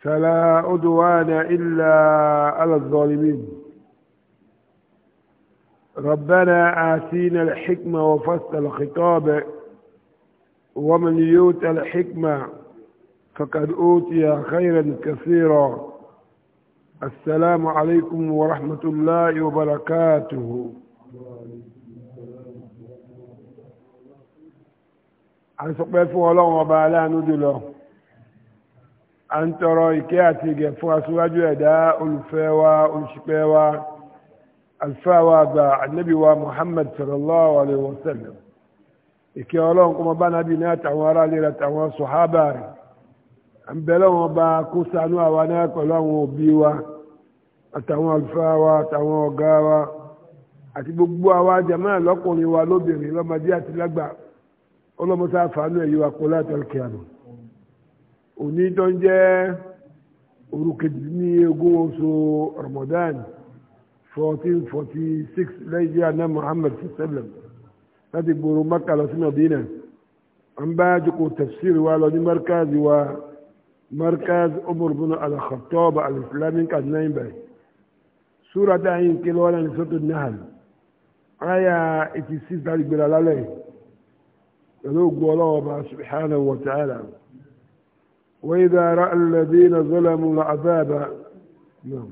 فلا عدوان إلا على الظالمين ربنا آتينا الحكمة وفصل الخطاب ومن يؤت الحكمة فقد أوتي خيرا كثيرا السلام عليكم ورحمة الله وبركاته عن fún ọlọ́run ọba aláàánú a ń tọrọ ìkẹ́ àti ìgẹ̀ fún aṣíwájú ẹ̀dá olùfẹ́ wa olùṣìpẹ̀ wa alfa wa gba annabi wa muhammad sallallahu alaihi wa sallam ìkẹ́ ọlọ́run kọmọ bá nábì ní àtàwọn ará lè ra tàwọn sọ̀hábà rẹ̀ à ń bẹ̀rẹ̀ wọn bá kó ṣàánú àwa náà pẹ̀lú àwọn òbí wa àtàwọn alfa àtàwọn ọ̀gá wa àti gbogbo àwa jàmáà lọ́kùnrin wa lóbìnrin lọ́mọdé àti lágbà ọlọ́mọsáfàánú ẹ̀yọ́ akọ́lá àtàlùkẹ́ àná òní tó ń jẹ́ orúkejì ní ogún oṣù Ramadan fourteen forty six lẹ́yìn àná Muhammad sallam láti gbòòrò Maka lọ sí Madina an bá jòkó tafsir wa lọ ní markazi wa markaz Umar bin al-Khattab al-Islamic at kí lọ́wọ́ náà ní sọ́tò Nahal aya eighty láti gbéra lálẹ́ pẹ̀lú ògùn ọlọ́wọ́ bá subhanahu wa ta'ala. وإذا رأى الذين ظلموا العذاب نعم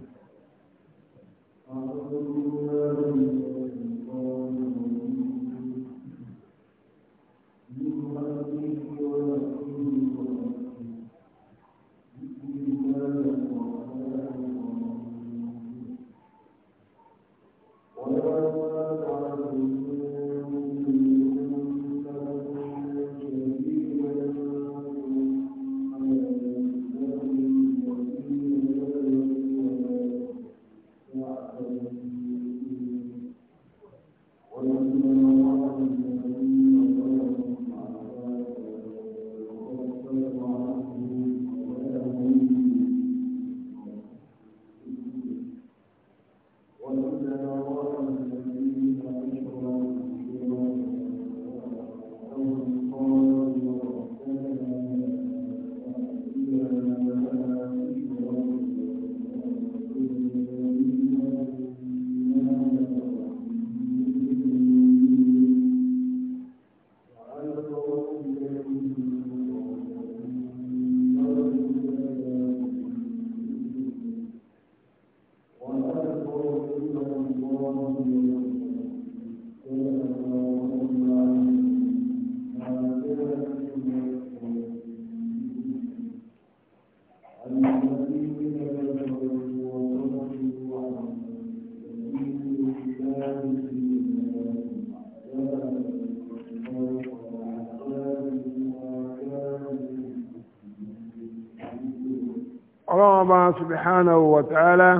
Allah subhanahu wa ta'ala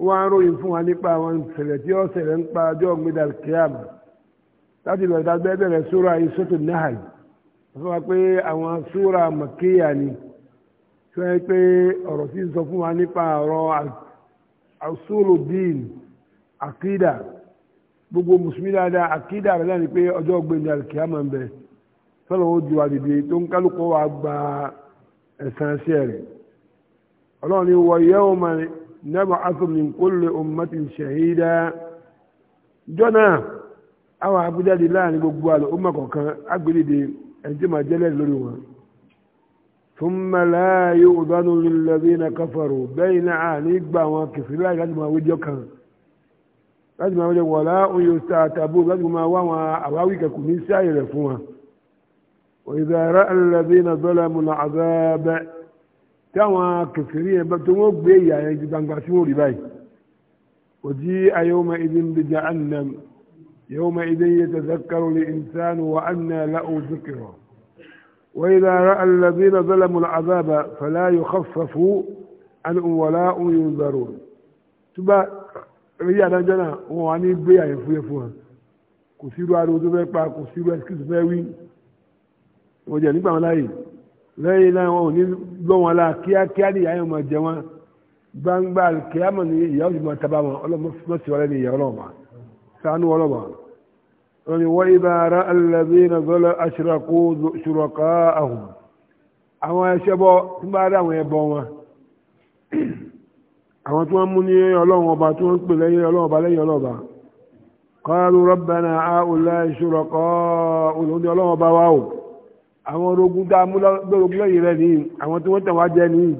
wá ń ròyìn fún wa nípa àwọn ìṣẹ̀lẹ̀ tí ó ṣẹlẹ̀ ń pa ọjọ́ ògbéda kíámà láti lọ ìdájọ́ bẹ̀rẹ̀ sóra yìí sọ́tò náà wọ́n sọ pé àwọn sóra màkíyà ni tí wọ́n yẹ pé ọ̀rọ̀ sì sọ fún wa nípa ọ̀rọ̀ àṣọlòdìn àkídà gbogbo mùsùlùmí dáadáa àkídà rẹ̀ náà ni pé ọjọ́ ògbéda kíámà ń bẹ̀rẹ̀ sọ́lọ́wọ́ ju àdìdì tó ń kálukọ́ wa gba ẹ̀sán ṣẹ́ rẹ̀ ọlọ́run ni wọ yawma nab'athu min kulli ummatin shahida jọ́nà àwọn abújáde láàrin gbogbo àlọ́ ọmọ kọ̀ọ̀kan agbèlédè ẹni tí màá jẹ́lẹ̀ lórí wọn. thumma la yu'dhanu lilladhina kafaru bẹ́ẹ̀ ni àní gba àwọn kẹfìrí láì láti máa wéjọ́ kan láti máa wọlé wọ̀lá oyè tààtàbó láti máa wá wọn àwáwí kẹkùn ní sáyẹ̀rẹ̀ fún wọn. wa idha ra'a alladhina zalamu al'azaba táwọn kèfèrí yẹn tó wọ́n gbé ìyà yẹn ju gbangba sí wọn rí báyìí òjì ayọ́mọ ibi ń bìjà annam يوم إذن يتذكر الإنسان وأنى له ذكره وإذا رأى الذين ظلموا العذاب فلا يخفف عنهم ولا ينذرون تبا ríyà dájọ́ náà wọn wà ní gbé àyè fúyẹ́ fún wọn kò sí irú ariwo tó fẹ́ pa kò sí irú ẹsikísì fẹ́ wí wọn jẹ nígbà wọn láàyè lẹ́yìn náà wọn ò ní gbọ́ wọn la kíákíá ní ìyá yẹn máa jẹ wọn gbangba kíámọ̀ ní ìyá òsì máa taba wọn ọlọ́mọsíwárẹ́ ní ìyá ọlọ́mọ sànú ọlọ́mọ. wọn ni wọ́n ibà ara alẹ́bí na zọ́lá aṣọ́rakó ṣùrọ̀ká ahùn àwọn ẹṣẹ́ bọ́ tí bá rí àwọn ẹbọ wọn àwọn tí wọ́n mú ní ọlọ́run ọba tí wọ́n ń pè àwọn orogún tá a mú lọ́rọ̀gbọ́n lẹ́yìn rẹ̀ nìyí àwọn tí wọ́n tẹ̀ wá jẹ́ nìyí.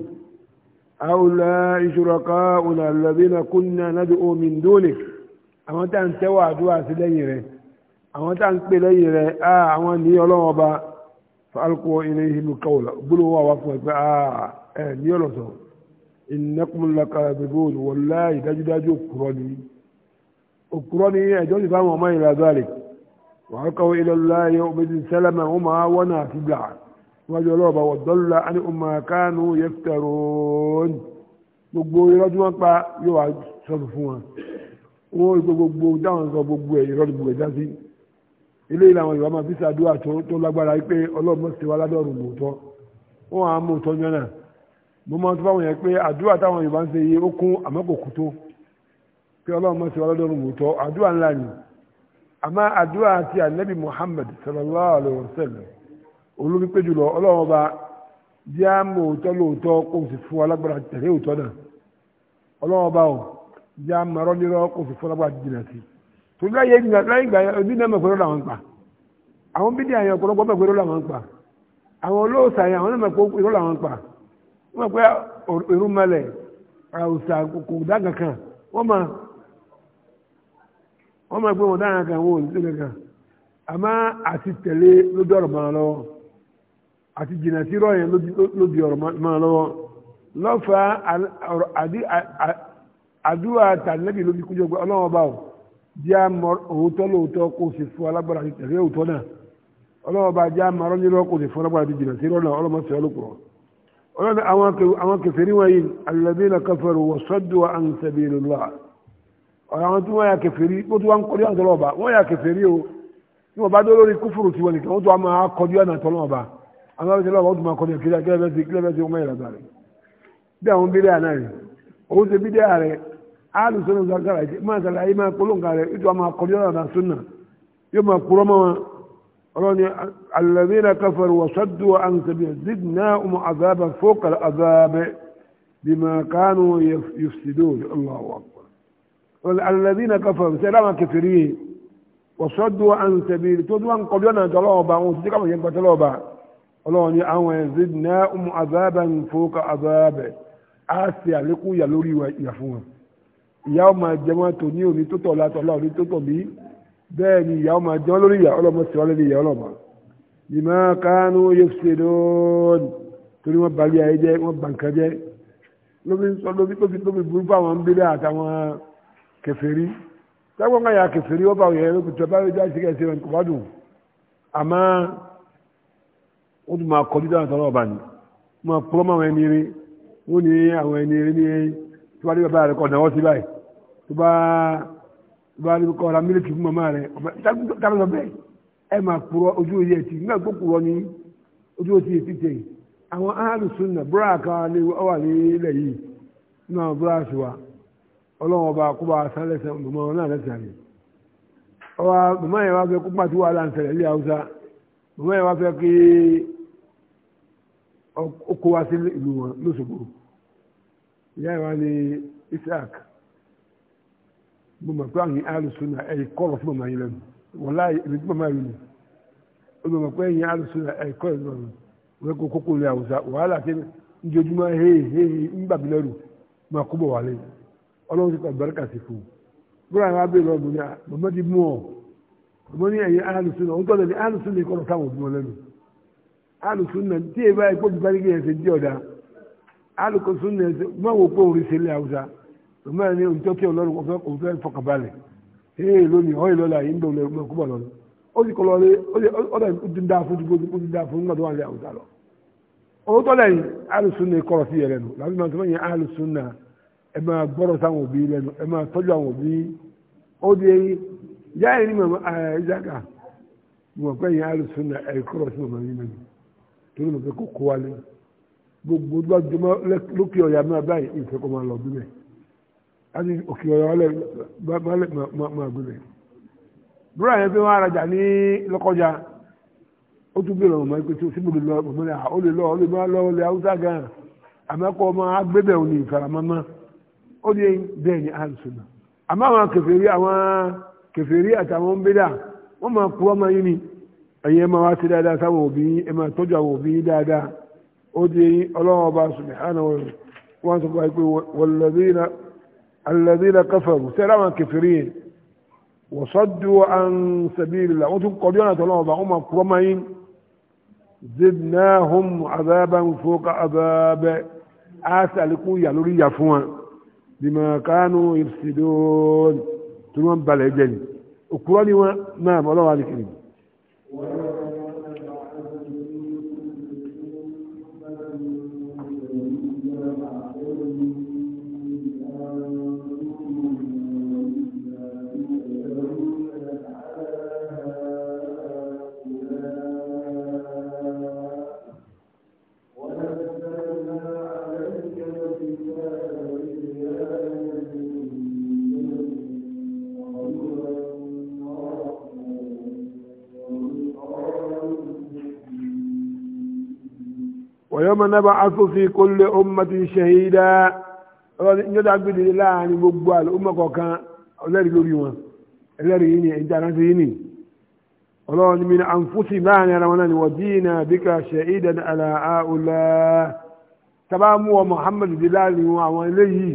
هؤلاء شركاؤنا الذين كنا ندعو من دونه àwọn tá à ń tẹ́wọ́ àdúrà sí lẹ́yìn rẹ̀ àwọn tá à ń pè lẹ́yìn rẹ̀ àwọn ní ọlọ́wọ́ bá falco ilé ìlú kawla gbólóhùn wà fún ẹ ẹ ní ọlọ́sọ̀ ìnákùnlákà wọlá ìdájúdájú òkúrọ́ ni òkúrọ́ ni ẹjọ́ وعقوا إلى الله وبدل سلمهما ونافبلا وجلوب وضل عن ما كانوا يفترون gbogbo irọ́ tí wọ́n pa yóò wá sọ̀rọ̀ fún wọn wọ́n rí gbogbo dáhùn sọ gbogbo ẹ̀ irọ́ gbogbo ẹ̀dá sí ilé ìlànà ìwà máa fi ṣàdúrà tó lágbára pé ọlọ́run ti wá ládọ́rùn mòótọ́ wọ́n á mú òótọ́ yánà mo máa tó fáwọn yẹn pé àdúrà táwọn Yorùbá ń ṣe yìí ó kún àmọ́ kò kú tó pé ọlọ́run ti wá ládọ́rùn mòótọ́ àdúrà ńlá nìyí àmọ́ àdúrà àti ànábì Muhammad sallallahu alayhi wa sallam olórí pé jùlọ ọlọ́run ọba jẹ́ àmọ́ òótọ́ lóòótọ́ kó o sì fún alágbára tẹ̀lé òótọ́ náà ọlọ́run ọba o jẹ́ àmọ́ ọ̀rọ̀ nírọ́ kó o sì fún alágbára jìnnà sí i torí láyé ìgbà láyé ìgbà òbí náà mọ̀ pé lọ́la wọn pa àwọn bídí àyàn ọ̀pọ̀lọpọ̀ mọ̀ pé lọ́la wọn pa àwọn olóòsà àyàn wọ́n máa gbé wọn dáhùn kan wọn ò ní sílẹ̀ kan àmọ́ àti tẹ̀lé ló di ọ̀rọ̀ máa lọ́wọ́ àti jìnnà sí rọ̀ yẹn ló di ọ̀rọ̀ máa lọ́wọ́ lọ́fà àdúrà tàlẹ́bì ló fi kújọ pé ọlọ́wọ́n bá o jẹ́ àmọ́ òótọ́ lóòótọ́ kó o sì fún alágbára àti tẹ̀lé òótọ́ náà ọlọ́wọ́n bá jẹ́ àmọ́ arọ́nírọ́ kó o sì fún alágbára àti jìnnà sí rọ̀ náà ọlọ́mọ sọ ọlọ́kùnrin ọlọ́dún àwọn kẹfẹ́ níwọ̀nyí alladhina kafaru wa saddu an sabilillah ọ̀rọ̀ àwọn tí wọ́n yà kèfèrí bó tí wọ́n ń kọjú àtọ́lọ́ ọba wọ́n yà kèfèrí o ní wọ́n bá dó lórí kúfùrù tiwọn nìkan wọ́n tó wọ́n máa kọjú àtọ́lọ́ ọba àwọn ọba tẹ́lẹ̀ ọba ó tún máa kọjú kílẹ̀ kílẹ̀ fẹ́ kílẹ̀ fẹ́ sí ọmọ ìrẹ̀dà rẹ̀ bí àwọn bídẹ́ àná rẹ̀ òun ṣe bídẹ́ rẹ̀ alùsọ̀nù zakara ẹ̀ máa sàlẹ̀ ayé máa polóǹkà rẹ̀ ètò àmà kọjú àtà sunna yóò máa kúrọ́ mọ́ wọn ọ̀rọ̀ ni alladhina kafaru wa saddu an sabil zidnahum azaban fawqa al-azab bima kanu yufsidun Allahu akbar alladhina kafaru sẹ́lá wọn kẹfìrí yìí wọ́n sọ́dọ̀ wọn àwọn sẹ́bìrì tó dún wọn kọjú ọ̀nà tọ́lọ́ọ̀bà wọn ti káwọn yẹn gbọ́tọ́lọ́ọ̀bà ọlọ́run ni àwọn ẹ̀zid náà ń azaban fawqa azabih á ṣe àlékún ìyà lórí ìyà fún wọn ìyà ọmọ ẹ̀jẹ̀ wọn tò ní òní tó tọ̀ látọ̀ láòní tó tọ̀ bí bẹ́ẹ̀ ni ìyà ọmọ ẹ̀jẹ̀ wọn lórí ìyà ọlọ́mọ sí ọlẹ́ni ìyà ọlọ́mọ bima kanu yufsidun torí wọn balẹ̀ ayé jẹ́ wọn lóbi lóbi lóbi burúkú àwọn ń bílẹ̀ àtàwọn kèfèrí tẹ́gbọ́n ká yà kèfèrí ó bá wọ̀ yẹn lókùtù ọba yóò jáde síkẹ́ ẹsẹ̀ kò bá ma àmọ́ ó tún máa kọjú dáhùn sọ́nà ọba ni mo máa purọ́ mọ́ àwọn ẹni rí wọ́n ní àwọn ẹni rí ní tó bá dé bàbá rẹ̀ kọ́ ọ̀dàwọ́ sí báyìí tó bá tó bá dé kọ́ ọ̀dà mílíkì fún màmá rẹ̀ tábìlọ bẹ́ẹ̀ ẹ máa purọ́ ojú òye ẹ̀tì nígbà tó purọ́ ní ojú òye ẹ̀tì tẹ̀ àwọn ahlùsùn náà búrọ̀ àkàlẹ̀ ọwà ní ilẹ̀ yìí nínú àwọn búrọ̀ ọlọ́wọ́n ọba kó bá sán lẹ́sẹ̀ mọ̀mọ́ náà lẹ́sẹ̀ rẹ̀ ọba mọ̀mọ́ yẹn wá fẹ́ kó pàtó wà láǹsẹ̀lẹ̀ ilé haúsá mọ̀mọ́ yẹn wá fẹ́ kí ó wá sí ìlú wọn lóṣogbo ìyá ìwà ni Isaac mo mọ̀ pé àwọn alùsùn náà ẹ̀yìn kọ́ ọ̀rọ̀ fún mọ̀mọ́ yẹn lẹ́nu wọ́n láì ibi tí mọ̀mọ́ yẹn lù ó mọ̀ pé ẹ̀yìn alùsùn náà ẹ̀yìn kọ́ ọ̀rọ̀ wọn kó kókó ọlọ́run ti tàbárkà sí fún un búra àwọn abẹ́rẹ́ ọdún ní bàbá ti mú ọ bàbá ní ẹ̀yẹ alùsùn ọ̀hún tọ́lẹ̀ ní alùsùn ní kọ́nà táwọn òbí wọn lẹ́nu alùsùn náà tí ọ̀dà alùsùn náà wò pé orí lé ní ẹ máa gbọ́rọ̀ sáwọn òbí lẹ́nu ẹ máa tọ́jú àwọn òbí ó di yá ẹni màmá ìjáka mọ̀ pé yẹn alùsùn náà ẹ̀ kọ́rọ̀ sí màmá yín lẹ́nu torí mọ̀ pé kò kó wa lẹ́nu gbogbo gbàdúmọ̀ lókè ọ̀yà máa báyìí ìfẹ́ kó máa lọ bí mẹ́ àti òkè ọ̀yà ọ̀lẹ́ máa gbé mẹ́. búrọ̀ yẹn fi wọn arajà ní lọ́kọjá ó tún bèèrè ọmọ ẹgbẹ́ tí ó síbòlè lọ ọmọ rẹ̀ lè lọ ó lè má lọ ó lè haúsá gan-an àmọ́ kọ́ ọmọ ó di bẹ́ẹ̀ ni alùsùnà àmọ́ àwọn kèfèrí àwọn kèfèrí àtàwọn ń bídà wọ́n máa kú ọmọ yín ni ẹ̀yin ẹ máa wá sí dáadáa sáwọn òbí ẹ máa tọ́jú àwọn òbí dáadáa ó di ọlọ́wọ́n ọba subhanahu wọn sọ pé walladhina alladhina kafaru sẹ́rẹ́ àwọn kèfèrí yẹn wa saddu an sabilillah wọ́n tún kọjú ọ̀nà tọ́lọ́wọ́n ọba wọ́n máa kú ọmọ yín zidnahum azaban fawqa azab á sàlékún ìyà lórí ìyà fún wọn bima kanu yufsidun tí wọ́n balẹ̀ jẹ́ ni òkúrọ́ ni wọ́n náà ọlọ́wà ní kiri. wọ́n yawma nab'athu fi kulli ummatin shahida ọlọ́ni níjọ́dá gbèdè láàrin gbogbo àlọ́ ọmọ kọ̀ọ̀kan ọlẹ́rìí lórí wọn ẹlẹ́rìí yìí ni ẹ̀jẹ̀ aránsẹ́ yìí ni ọlọ́ni mi ni àǹfùsì láàrin ara wọn náà ni wọ́n dínà bíkà shahidan ala àùlà tábà mú ọ Muhammad dé láàrin wọn àwọn eléyìí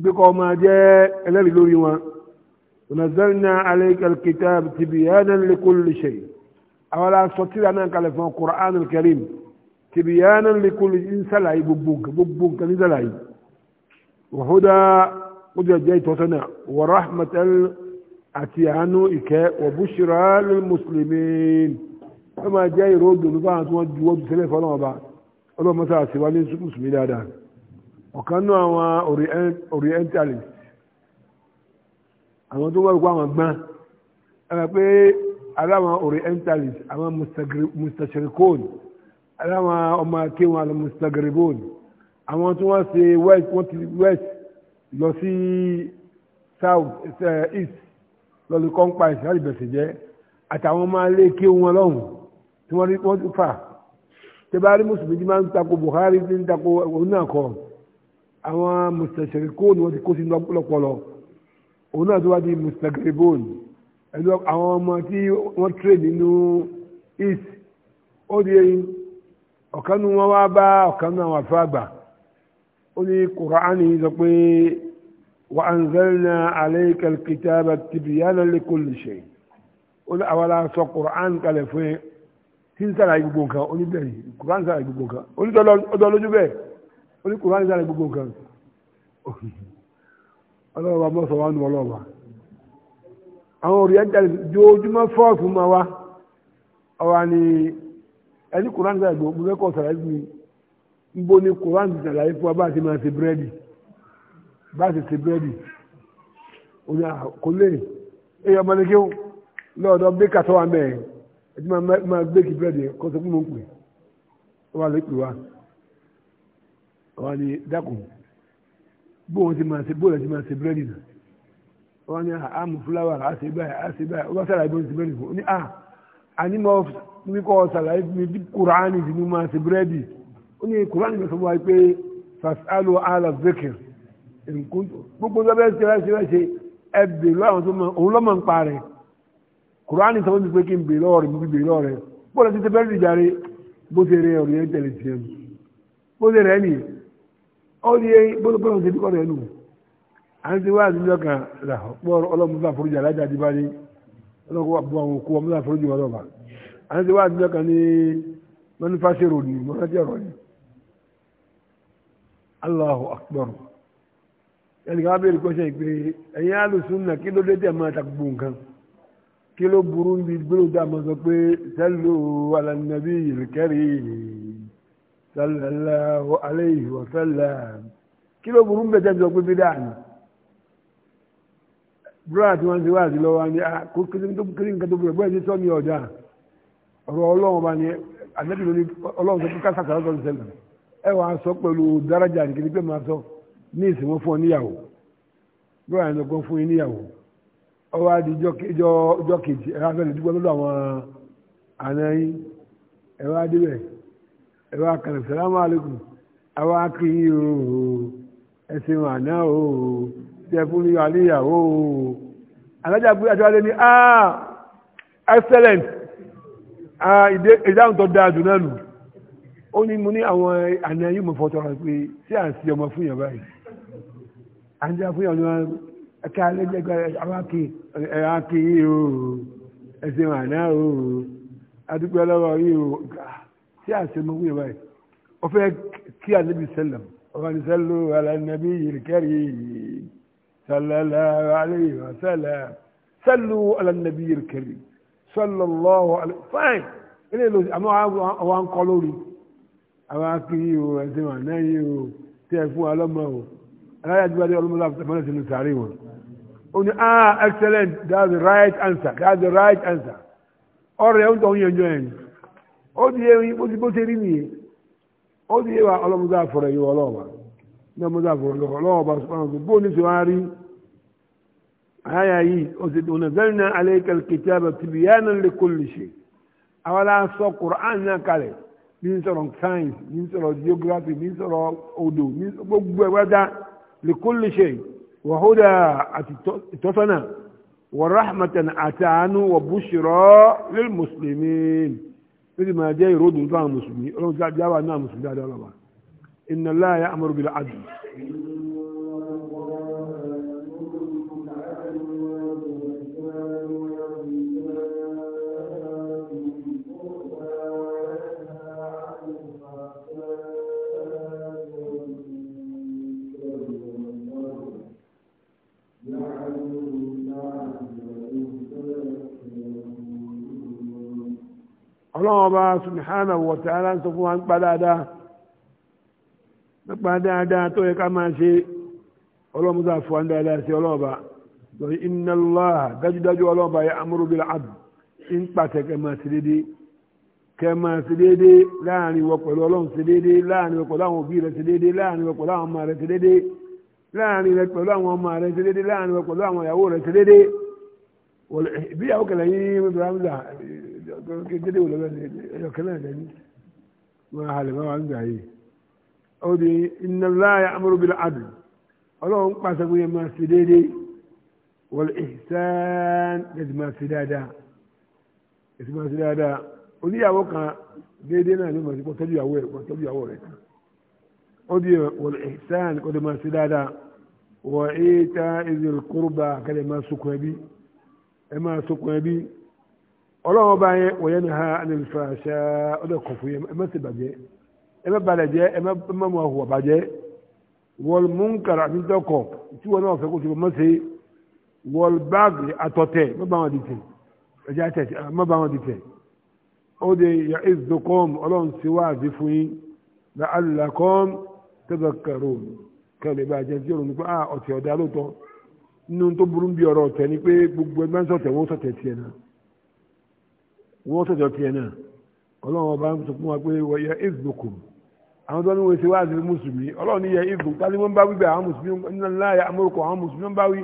gbẹ́kọ̀ ọmọ jẹ́ ẹlẹ́rìí lórí wọn ọ̀nàzẹ́rìnà alayka al-kitab tibyanan li kulli shay àwọn aláṣọ tíra náà kalẹ̀ fún Qur'an al-Karim tìbíyánà lẹ́kọ́lù ń sàlàyé gbogbo nǹkan gbogbo nǹkan ní sàlàyé wàhúdà ó jẹ́ jẹ́ ìtọ́sọ́nà wa rahmatan àti àánú ìkẹ́ wa bushra lil muslimin ó máa jẹ́ ìró dùnú bá àwọn tí wọ́n juwọ́ ju sẹ́lẹ̀ fọ́lọ́wọ́ bá ọlọ́mọ sáà wa ní mùsùlùmí dáadáa ọ̀kan náà àwọn orientalist àwọn tó wọ́n rú àwọn gbọ́n ẹ̀rọ pé aláwọn ọmọ akéwọn alamustagribon àwọn tí wọ́n ṣe west wọ́n ti west lọ sí south eh, east lọ́lù kọ́ńpá ìṣẹ́ àdìbẹ̀sẹ̀ jẹ́ àtàwọn ọmọ alẹ́ kéwọn lọ́hùn tí wọ́n rí wọ́n ti fà tẹ́bárí mùsùlùmí ti máa ń tako Buhari ti ń tako òun náà kọ́ àwọn mùsùlùmí wọ́n ti kó sínú ọpọlọ òun náà tó wá di mùsùlùmí ẹ̀lú àwọn ọmọ tí wọ́n trade nínú east ó di eyín ọ̀kan nu wọn wá bá ọ̀kan nu àwọn àfẹ́ àgbà ó ní kùránì sọ pé wa anzalna alayka alkitaba tibyana likulli shay ó ní àwọn aláṣọ kùránì kalẹ̀ fún ẹ tí ń sàlàyé gbogbo nǹkan ó ní bẹ́ẹ̀ kùránì sàlàyé gbogbo nǹkan ó ní ọdọ bẹ́ẹ̀ ó ní kùránì sàlàyé gbogbo nǹkan ọlọ́wọ́ mọ́sọ̀ wá nù ọlọ́wọ́ àwọn oriental jojúmọ́ fọ́ọ̀fù máa wá ọwọ́ ẹni koran gba ẹgbẹ mo fẹkọ sara ẹni nbo ni koran ti sara ẹni fún wa bá a ti máa ṣe búrẹ́dì bá a ti ṣe búrẹ́dì o ní kò lè ẹ yọ ọmọ nìkéw lọ́ọ̀dọ́ bẹ́ẹ̀kà tó wà mẹ́ẹ̀ ẹ ti máa bẹ́ẹ̀kì búrẹ́dì kó sọ fún mi pè ó wà lè pè wá ó wà ní dákun bó wọn ti máa ṣe bó wọn ti máa ṣe búrẹ́dì náà ó wà ní àmú fúláwà àṣẹ báyìí àṣẹ báyìí ó bá sára ẹgbẹ́ wọn ti búrẹ́dì fún ó ní à àní mọ wíkọ ṣàlàyé mi bí kuraani ti ní máa ṣe búrẹ́dì ó ní kuraani mi sọ fún wa pé fasalu ala zikir gbogbo sọfẹ ṣẹlẹ ṣẹlẹ ṣe ẹ bèrè lọ àwọn tó mọ òun lọmọ ń parẹ kuraani sọ fún mi pé kí n bèrè lọ rẹ mi bí bèrè lọ rẹ bọ́ọ̀lù ti ṣe bẹ́ẹ̀ dìjà rẹ bó ṣe rẹ ọ̀rẹ́ yẹn tẹ̀lé tiẹ̀ mu bó ṣe rẹ nìyẹn ó ní bọ́ọ̀lù pé òun ṣe bí kọ́ rẹ nù à ń ṣe wá àdúgbò kan là pọ̀ ọlọ́mọdé àforíjà alájà àdìbá ni ọlọ́kọ̀ wà bú àwọn òkú ọmọdé àforíjì wọn lọ́ba àti wá àdúgbò kan ní manufacture road ní mọ́nàjì ọ̀rọ̀ ni Allahu Akbar kí ló burú níbi gbóló dá mọ́ pé bí dáa ni búrọ́dà tí wọ́n ti wá sí lọ́wọ́ ni ah, kí nǹkan tó bẹ̀rẹ̀ bẹ́ẹ̀ ti sọ́ ní ọ̀dà ọ̀rọ̀ ọlọ́run bá ní àdẹ́bí lórí ọlọ́run tó kíkà sàkàrà tó ń ṣẹlẹ̀ ẹ wà á sọ pẹ̀lú dárájà nìkiri pé máa sọ ní ìsìnwó fún ọ níyàwó búrọ́dà ní ọgbọ́n fún yín níyàwó ọwọ́ á di ijọ́ kejì ẹ̀rọ afẹ́lẹ̀ dúpẹ́ lọ́dọ̀ àwọn àna yín ẹ̀rọ adébẹ̀ ẹ̀rọ akàlẹ̀ sàlámù alẹ́kùn tẹ̀fún ní àníyàwó alájà abúlé àjọwálé ní ah excellent ah, ìdáhùn tó dáa dùn náà nù ó ní mo ní àwọn àna yìí mo fọtọ rẹ pé tí à ń ọmọ fún yàn báyìí à fún yàn náà ẹ̀ka alẹ́gbẹ̀gbẹ̀ awákì ẹ̀hákì yìí o ẹ̀sìn àná o adúgbò ọlọ́wọ́ yìí o tí à ń ọmọ fún yàn báyìí ó fẹ́ kí ànábì sẹ́lẹ̀m ọ̀gánisẹ́lú alẹ́nàbí yìí kẹ́rì yìí. صلى الله عليه وسلم صلوا على النبي الكريم صلى الله عليه فاين ilé ìlú àmọ́ àwọn ń kọ́ lórí àwọn akiri o ẹ̀sìn wọn náà yìí o tí ẹ fún wa lọ́mọ o aláya ti bá dé ọlọ́mọlá àfẹ́mọ́lá sínú sàárè wọn. ó ní ah excellent that's the right answer that's the right answer ọ̀rẹ́ ó ń tọ́hún yẹn jọ ẹ̀ ó ti yé bó ti bó ṣe rí nìyẹn ó ti yé wa ọlọ́mọdé àfọ̀rọ̀ yìí ọlọ́ọ̀ba ní ọmọdé àfọ̀rọ̀ yìí ọlọ́ọ̀ba sọ̀rọ̀ bó ní sọ wá rí aya yìí ó ti dùn nazalna alayka alkitaba tibyanan li kulli shay àwa la sọ quran náà science ní n geography ní n sọ̀rọ̀ odò ní gbogbo ẹgbẹ́ta li kulli shay wa huda àti ìtọ́sọ́nà wa rahmatan àti àánú wa bushra lil muslimin ó sì máa jẹ́ ìròdùn fún àwọn mùsùlùmí ọlọ́run jáwà náà mùsùlùmí dáadáa lọ́wọ́ inna Allaha ya'muru bil 'adl ọlọ́run ọba subhanahu wa ta'ala ń sọ fún wa ń pa dáadáa nípa dáadáa tó yẹ ká máa ṣe ọlọ́run mú sáà fún wa ń dáadáa sí ọlọ́run ọba lórí inna Allaha dájúdájú ọlọ́run ọba ya'muru bil 'adl ń pàṣẹ kẹ́ máa ṣe déédéé kẹ́ máa ṣe déédéé láàrin wọ pẹ̀lú àwọn ọmọ rẹ ṣe déédéé láàrin rẹ pẹ̀lú àwọn ọmọ rẹ ṣe déédéé láàrin rẹ pẹ̀lú àwọn ìyàwó kékeré wò lọ́wọ́ ẹ̀yọ̀ kẹlẹ́ ẹ̀dẹ́ ní wọn wa bá wà ń gbà yìí inna Allaha ya'muru bil 'adl ọlọ́run pàṣẹ pé máa ṣe déédéé wal ihsan ẹ̀sìn máa onye dáadáa ẹ̀sìn máa ṣe dáadáa oníyàwó kan déédéé náà ló máa ṣe kó tọ́jú wal ihsan wa ita izil qurba kálẹ̀ máa ọlọ́run ọba yẹn wòye ni ha ẹni nfa ṣá ọdọ kọ̀ọ̀fù yẹn ẹ má ti bàjẹ́ ẹ má balẹ̀ jẹ́ ẹ má mú ahùwà bàjẹ́ wọ́n mú nkàrà àti ntọ́kọ̀ tí wọn náà fẹ́ kó tìbọn mọ́sẹ̀ wọ́n báàgì àtọ̀tẹ̀ má bá wọn di tẹ̀ ẹ̀jẹ̀ àtẹ̀ má bá wọn di tẹ̀ ó ah, nínú tó burú bí ọ̀rọ̀ ọ̀tẹ̀ ni pé gbogbo ẹgbẹ́ sọ̀tẹ̀ wọ́n sọ̀tẹ̀ tiẹ̀ náà wọ́n sọ̀tọ̀ tiẹ̀ náà ọlọ́run ọba sọ fún wa pé wọ́n yẹ ìzùkù àwọn tó ní wọ́n ṣe wá àti mùsùlùmí ọlọ́run ní yẹ ìzùkù tá ní wọ́n bá wí bẹ́ẹ̀ àwọn mùsùlùmí ní láyà amórúkọ àwọn mùsùlùmí bá wí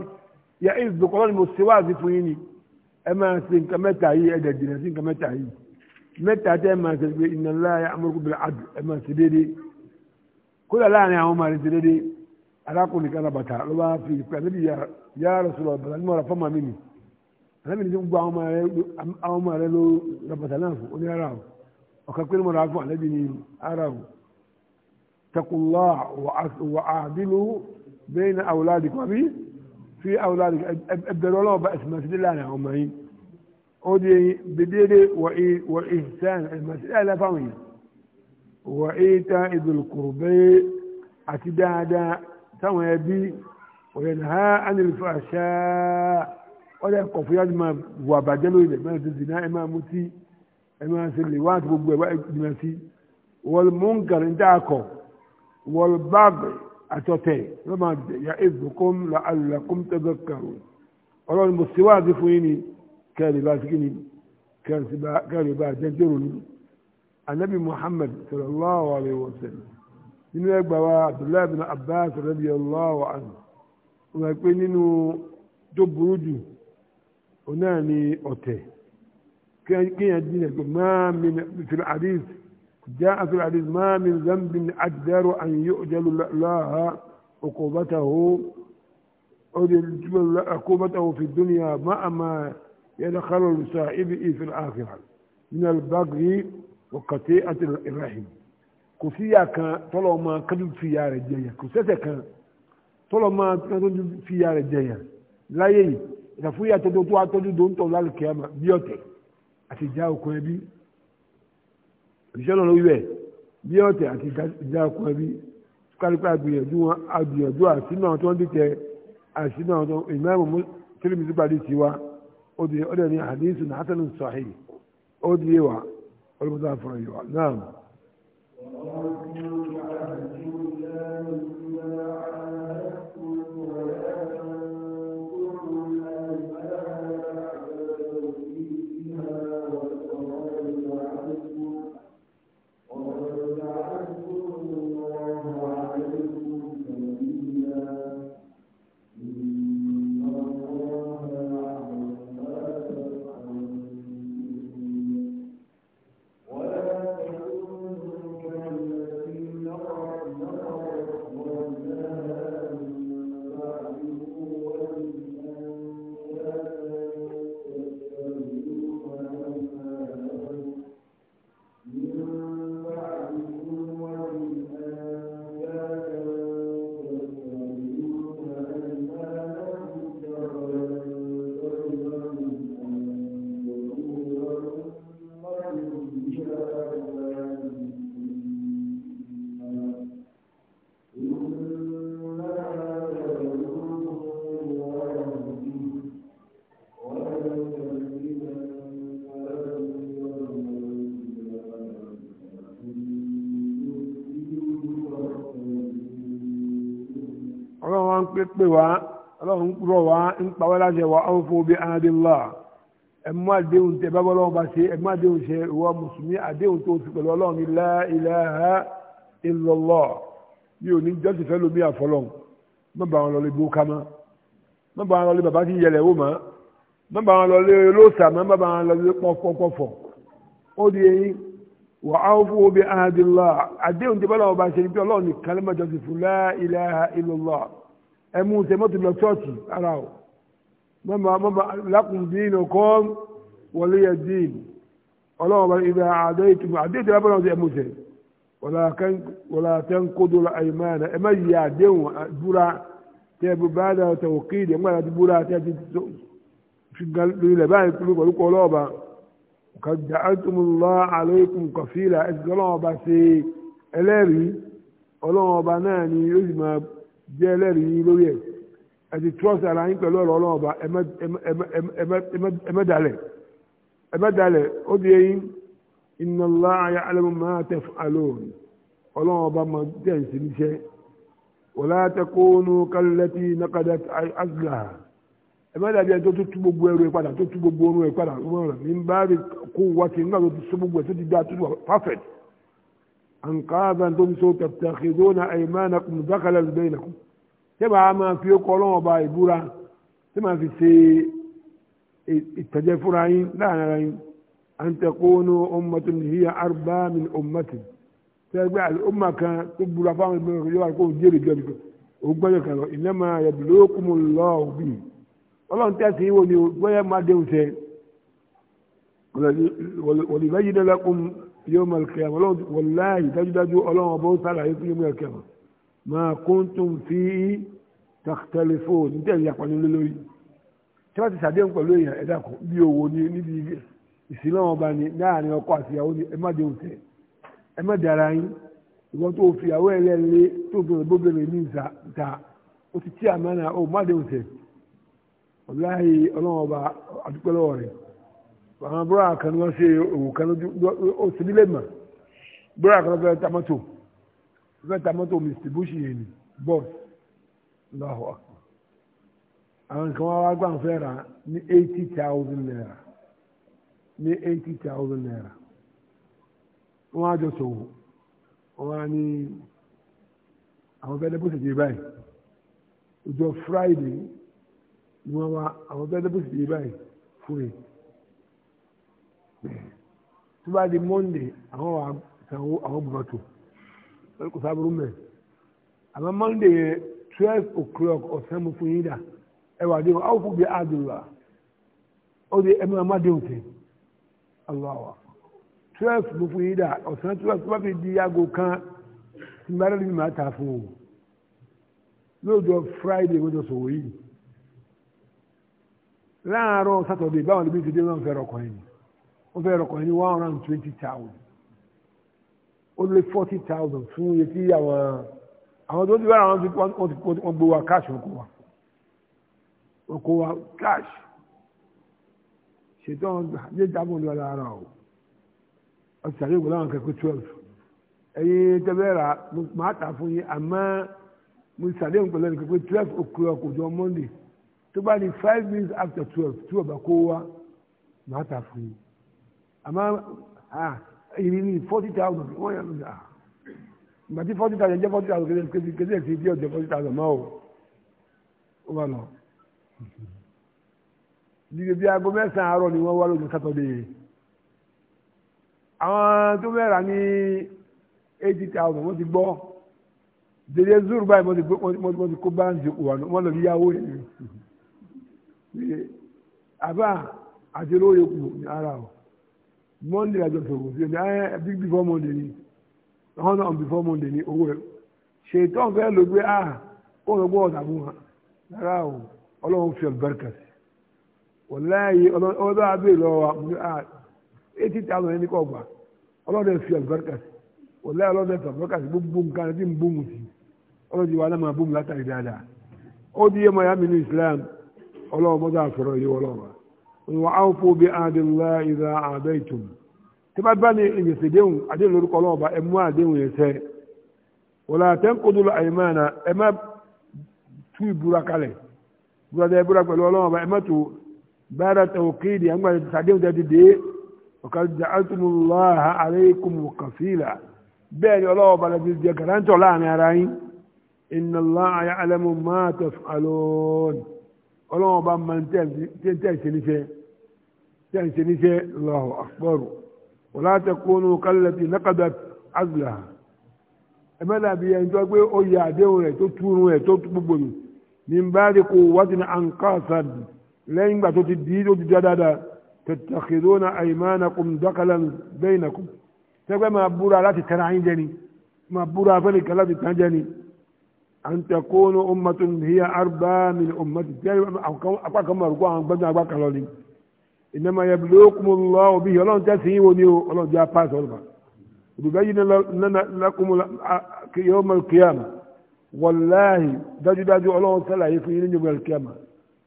yẹ ìzùkù ọlọ́run mo ṣe wá àti fún yín ni ẹ máa ṣe nǹkan mẹ́ta yìí ẹ̀dẹ̀ jìnà sí nǹkan mẹ́ta yìí mẹ́ta tẹ́ ẹ máa ṣe pé iná láyà amórúkọ bẹ̀rẹ̀ àdù ẹ máa ṣe déédéé alábìnrin tó ń gbọ́ àwọn ọmọ rẹ ló rẹpẹtẹ náà fún oní ara o ọ̀kan pé mo ra fún alábìnrin ara o takunlá wà àdínú bẹ́ẹ̀ ní àwòládì kan bí fi àwòládì ẹgbẹ̀rún ọlọ́wọ́ bá ẹ̀sìn màsídé láàrin àwọn ọmọ yìí ó di bedere wà ìsàn màsídé àìlẹ́ fáwọn yìí wà ìta ìdòlùkùrù bẹ́ẹ̀ àti dáadáa táwọn ẹbí wà yẹn ha ánìlfàṣáà wọ́n yẹ kọ̀ fúyà máa wù àbàjẹ́ lórí rẹ̀ máa tètè náà ẹ máa mutí ẹ máa ṣe lè wá àti gbogbo ẹ̀ wá ìgbìmọ̀ sí wọ́n mú nkàrí ní àkọ́ wọ́n báàgì àtọ̀tẹ̀ ló máa yà ìdùkún la àlùlàkún tẹ́gbẹ́ kàrò ọlọ́run mo ṣe wáàdì fún yín ni kẹ́rì bá síkì ni kẹ́rì bá jẹ́jẹ́ ronú anabi muhammad sallallahu alayhi wa sallam nínú ẹgbàá wa abdullahi bin abbas radiyallahu anhu wọ́n pè nínú tó burú jù náà ni ọ̀tẹ̀ kéèyàn dínà pé máa mi fìlà àdìs já àfìlà àdìs máa mi zambin àdìdárò àyìn yóò jẹ́lu láha okòbátàwó ọdẹ jùlọ okòbátàwó fi dúnìyà máa máa yẹ́dà kálọ̀ lùsà ibi ìfìlà àfìlà nínú albagri ọ̀kàtẹ́ àti ìrahìm kò sí yà kan tọ́lọ̀ ọmọ kájú fi yà rẹ̀ jẹyà kò sẹ́sẹ̀ kan tọ́lọ̀ ọmọ kájú fi yà rẹ̀ jẹyà láyé yìí ìdàfún yà tó tó tó atọ́jú tó ń tọ̀ lálẹ́ kìámà bí ọ̀tẹ̀ àti ìjà okùn ẹbí ìṣẹ́nà ló wíwẹ̀ bí ọ̀tẹ̀ àti ìjà okùn ẹbí kárípà gbìyànjú wọn agbìyànjú àsínú àwọn tó ń dìtẹ̀ àsínú àwọn tó ń ìmáàmù tìrìmìtì pàdé tiwa ó di ọ̀dẹ̀ ní àdéhùn náà hasanu sahih ó di yé wa olùkọ́ta fọ̀rọ̀ yìí wa náà. pè wá ọlọ́run rọ̀ wá ń pa wá láṣẹ wá ọ̀hún fún obi anadélá ẹ̀mú àdéhùn tẹ bá bọ́lọ́run bá ṣe ẹ̀mú àdéhùn ṣe ìwọ mùsùlùmí àdéhùn tó ti pẹ̀lú ọlọ́run ilá ilaha illallah mi ò ní jọ́sìn fẹ́ lómi àfọlọ́n má bá wọn lọlé bóká mọ́ má bá wọn lọlé bàbá tí yẹlẹ̀ wò mọ́ má bá wọn lọlé lóòsà mọ́ má wọn lọlé pọ́npọ́npọ́fọ́ ó di eyín wà á fún obi anadélá àdéhùn tẹ bọ́lọ́run bá ṣe ní ọlọ́run nìkan ló ẹ mú tẹ mọ́tò lọ ṣọ́ọ̀ṣì ara o mọ́mọ́ mọ́mọ́ lakum dinukum waliya din ọlọ́wọ́ bá ibà àdó ìtumọ̀ àdó ìtumọ̀ bá lọ́wọ́ ẹ mú tẹ wala tanqudu al-aymana ẹ má yí àdéhùn búra tẹ bí bá dà tawqid ẹ̀ ń gbàdá ti búra tẹ ti fi gan lórí báyìí jẹ́ ẹlẹ́rìí lórí ẹ ẹ̀sìn trọs ara yín pẹ̀lú ọ̀rọ̀ ọlọ́run ọba ẹ̀mẹ́dàlẹ̀ ẹ̀mẹ́dàlẹ̀ ó di eyín inna Allaha ya'lamu ma taf'alun ọlọ́run ọba máa jẹ́ ìsìn níṣẹ́ wala takunu kallati naqadat azlaha ẹ̀mẹ́dàbí ẹni tó tú gbogbo ẹrù padà tó tú gbogbo padà ní bá rí kó wá sí nígbà tó sọ gbogbo tó ti dá tó ànkáàbà tó ń so tẹ̀tẹ̀kìdónà àìmánakùn dákàlà lùbẹ́yìnàkùn tẹ́bà á máa fi ókọ ọlọ́wọ́ bá ìbúra tẹ́ máa fi ṣe ìtẹ̀jẹ́ fúnra yín láàrin ara yín an tẹ̀kónú ọmọtò nìyíya arúgbá min ọmọtò tẹ́gbẹ́ ọmọ kan tó búra fáwọn ìbúra yóò wá kó jẹ́rìí jọ nìkan ó gbọ́dọ̀ kàn lọ ilé máa yẹ̀bùlókùnmù lọ́ọ̀ bí ọlọ́run tẹ̀sí wo ni gbọ́dọ̀ máa dé yawm al-qiyamah ọlọ́run wallahi dájúdájú ọlọ́run ọba ó sàlàyé fún yawm al-qiyamah ma kuntum fi takhtalifun ní tẹ̀lé àpàlẹ́ lórí tí wọ́n ti sàdéhùn pẹ̀lú èèyàn ẹ̀dá kù bí owó ní níbi ìsìnlẹ̀ wọn bá ní láàrin ọkọ àti ìyàwó ní ẹ má déhùn tẹ̀ ẹ má dára yín ìwọ́n tó fi ìyàwó ẹ̀ lẹ́lẹ́ tó bẹ̀rẹ̀ bóbẹ̀rẹ̀ ní ìta ó ti tí àmánà ó má déhùn tẹ̀ wallahi ọlọ́run ọba àdúpẹ́ lọ́wọ́ rẹ̀ àwọn búrọ̀ kan ni wọ́n ṣe òwò kan oṣù nílé mà búrọ̀ kan fẹ́ ta mọ́tò fẹ́ ta mọ́tò mr bush yẹn ni bọ́ọ̀sì lọ́wọ́ àwọn kan wá gbà fẹ́ rà ní eighty thousand naira ní eighty thousand naira wọ́n á jọ sòwò wọ́n á ní àwọn fẹ́ẹ́ dẹ́pọ̀sì yìí báyìí ọjọ́ friday ni wọ́n wá àwọn fẹ́ẹ́ dẹ́pọ̀sì yìí báyìí fún yìí. tó bá di monday àwọn wà àwọn bùrọ̀tò kò sábúrú mẹ́ àmọ́ monday yẹn twelve o'clock ọ̀sán mo fún yín dà ẹ wà dé wọn àwọn fún bí àdùrà ó di ẹnu amádéhùn sí aláwa twelve mo fún yín dà ọ̀sán twelve kan tí bá ta fún o lóòjọ́ friday mo jọ sòwò yìí láàárọ̀ sátọ̀dé báwọn níbi fẹ́ràn ọkọ̀ wọ́n fẹ́ rọ̀kọ̀ ní one hundred and twenty thousand ó lé forty thousand fún iye tí àwọn àwọn tó ti bá àwọn tí wọ́n gbé wa cash wọn kó wa wọn kó wa cash ṣètò àwọn àjẹ́ ìjábọ̀ ní ọ̀la ara o wọ́n ti sàlẹ̀ ìwòlá àwọn akẹ́kọ̀ọ́ twelve ẹ̀yin tẹ́lẹ̀ rà máa tà fún yín àmọ́ mo sàlẹ̀ ìwòlá àwọn akẹ́kọ̀ọ́ twelve o'clock ọjọ́ Monday tó bá ní five minutes after twelve tí wọ́n bá kó wa máa tà fún yín àmọ́ ìrìn ní forty thousand wọ́n yàn lóde ah ìgbà tí forty thousand jẹ́ forty thousand kéde kéde èsì bí ọ̀jẹ̀ forty thousand mọ́ o ó wà lọ. dídé bí aago mẹ́sàn-án àárọ̀ ni wọ́n wá lóde sátọ́dé àwọn tó mẹ́ra ní eighty thousand wọ́n ti gbọ́ dèdè zuru báyìí wọ́n ti kó báńkì wà wọ́n lọ bí yáwó yẹn àbá àti olóyè kù ní ara o. monday àjọ sọ̀rọ̀ sí ẹ̀dá ẹ̀ big before monday ni hundred and before monday ni owó gbé ah o gbọ́ ọ̀tà fún wa rárá o ọlọ́run fi ọ̀bẹ̀rẹ̀kà sí wọ̀láyé ọlọ́dọ̀ abẹ́ lọ́wọ́ wa mo ní ah eighty thousand ẹni kọ́ gbà ọlọ́dọ̀ fi ọ̀bẹ̀rẹ̀kà sí wọ̀láyé ọlọ́dọ̀ fi ọ̀bẹ̀rẹ̀kà sí gbogbo nǹkan tí ń bóun sí ọlọ́dọ̀ wa náà máa látàrí dáadáa ó di yé mọ́ yá mi ní Islam ọlọ́run mọ́tò yé wa'awfu bi ahdillahi idha ahadaytum tí bá bá ní ìyẹ̀sẹ̀déhùn àdéhùn lórúkọ ọlọ́ọ̀bá ẹ mú àdéhùn yẹn ṣẹ wala tanqudul aymana ẹ má tú ìbúra kalẹ̀ búra dẹ́ búra pẹ̀lú ọlọ́ọ̀bá ẹ má tó bára tawqidi àgbà sàdéhùn dẹ́ dìde ọ̀kà ja'altumullaha alaykum kafila bẹ́ẹ̀ ni ọlọ́ọ̀bá lẹ́bi jẹ gàrántọ̀ tẹ̀ ń ṣe níṣẹ́ Allahu akbar wala takunu kallati naqadat azlaha ẹ má dàbí ẹni tó gbé oyè àdéhùn rẹ̀ tó túrun rẹ̀ tó gbogbo nù min ba'di quwwatin anqasan lẹ́yìn gbà tó ti di tó ti dá dáadáa tattakhiduna aymanakum dakalan bainakum tẹ́gbẹ́ máa búra láti tẹ́ra yín jẹni máa búra fẹ́nìkan láti tán jẹni an takunu ummatun hiya arba min ummati tẹ́lẹ̀ apá kan ìnáma yẹ ló kún un lọ òbí yìí ọlọ́run tẹ̀sí yín wo ni o ọlọ́run jẹ́ apá àtọ́lù ma òdùgbà yìí nana lakumu yóò mọ kíyàmà wàláhì dájúdájú ọlọ́run sàlàyé fún yín ní yóò mọ kíyàmà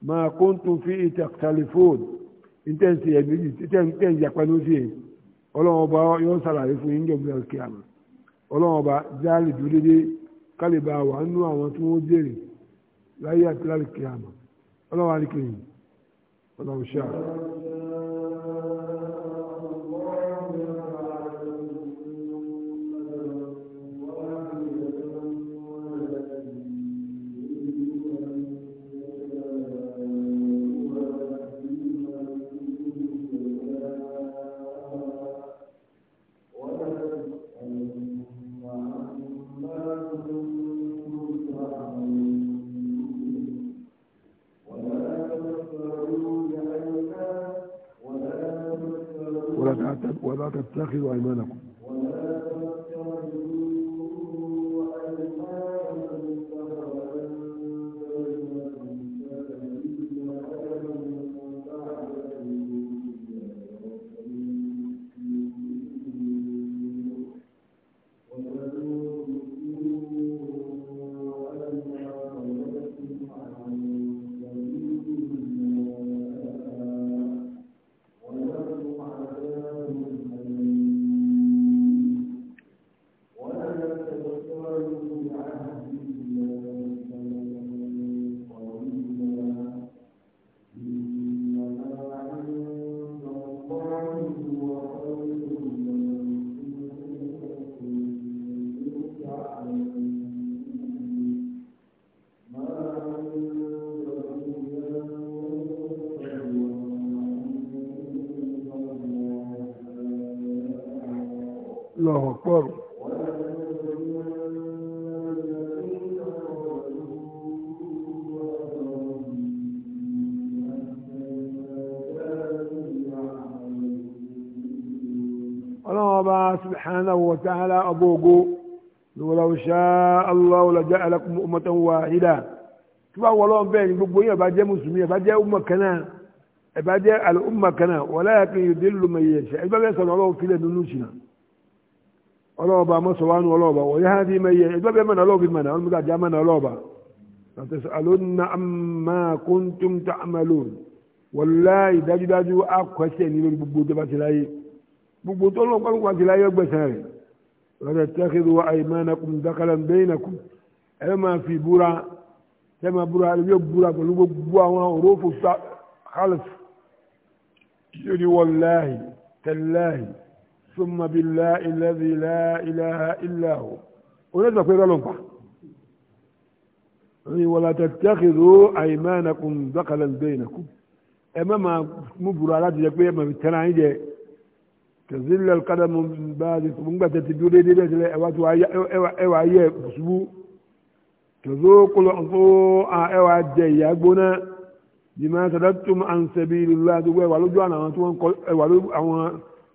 máa kó ń tún fi tẹlifóònù ìtẹ̀sí ẹ̀mí ìtẹ̀sí àpẹnu sí i ọlọ́run ọba yóò sàlàyé fún yín ní yóò mọ kíyàmà ọlọ́run ọba jáàlì dúró dédé kálíbà wà nínú àwọn tí wọ́n jèrè láyé àti láyé kíyàmà ọlọ́run àríkèyìn ọlọ́run ṣáà تتخذوا أيمانكم kọ́ọ̀rù. الله سبحانه وتعالى أبوغو ولو شاء الله لجعلكم أمة واحدة تبا ولو بين gbogbo yín bá jẹ́ muslimi bá jẹ́ umma kana bá jẹ́ al umma kana walakin yudillu man yasha ibá bẹ́ sọ fílẹ̀ nínú ṣìnà ọlọ́ọ̀bà mọ́sọ̀wánú ọlọ́ọ̀bà wọ́n yáhá bí mẹ́yẹ ẹgbẹ́ bẹ́ẹ̀ mẹ́nà ọlọ́ọ̀bì mẹ́nà ọlọ́ọ̀bì gàdí àmẹ́nà ọlọ́ọ̀bà àti alóńnà àmà kúntùm tá àmàlò wọlá ìdájúdájú àkọsẹ̀ ní lórí gbogbo tó bá ti láyé gbogbo tó lọ́ọ̀ pàmò pàtì láyé ọgbẹ̀sẹ̀ rẹ̀ lọ́dẹ̀ tẹ́kẹ̀rù àìmánakùn dákàlà bẹ́ẹ̀nakùn ẹ máa fi búra ثم بالله الذي لا إله إلا هو ونزل في رلمبا ولا تتخذوا أيمانكم دخلا بينكم أمام مبرارات يقول ما بتنعي تزل القدم من بعد ثم تتبير دي دي دي ايوا ايوا بسبو تذوق العصوء ايوا جي يغبونا بما صددتم عن سبيل الله دو ولو جوانا وان كو ولو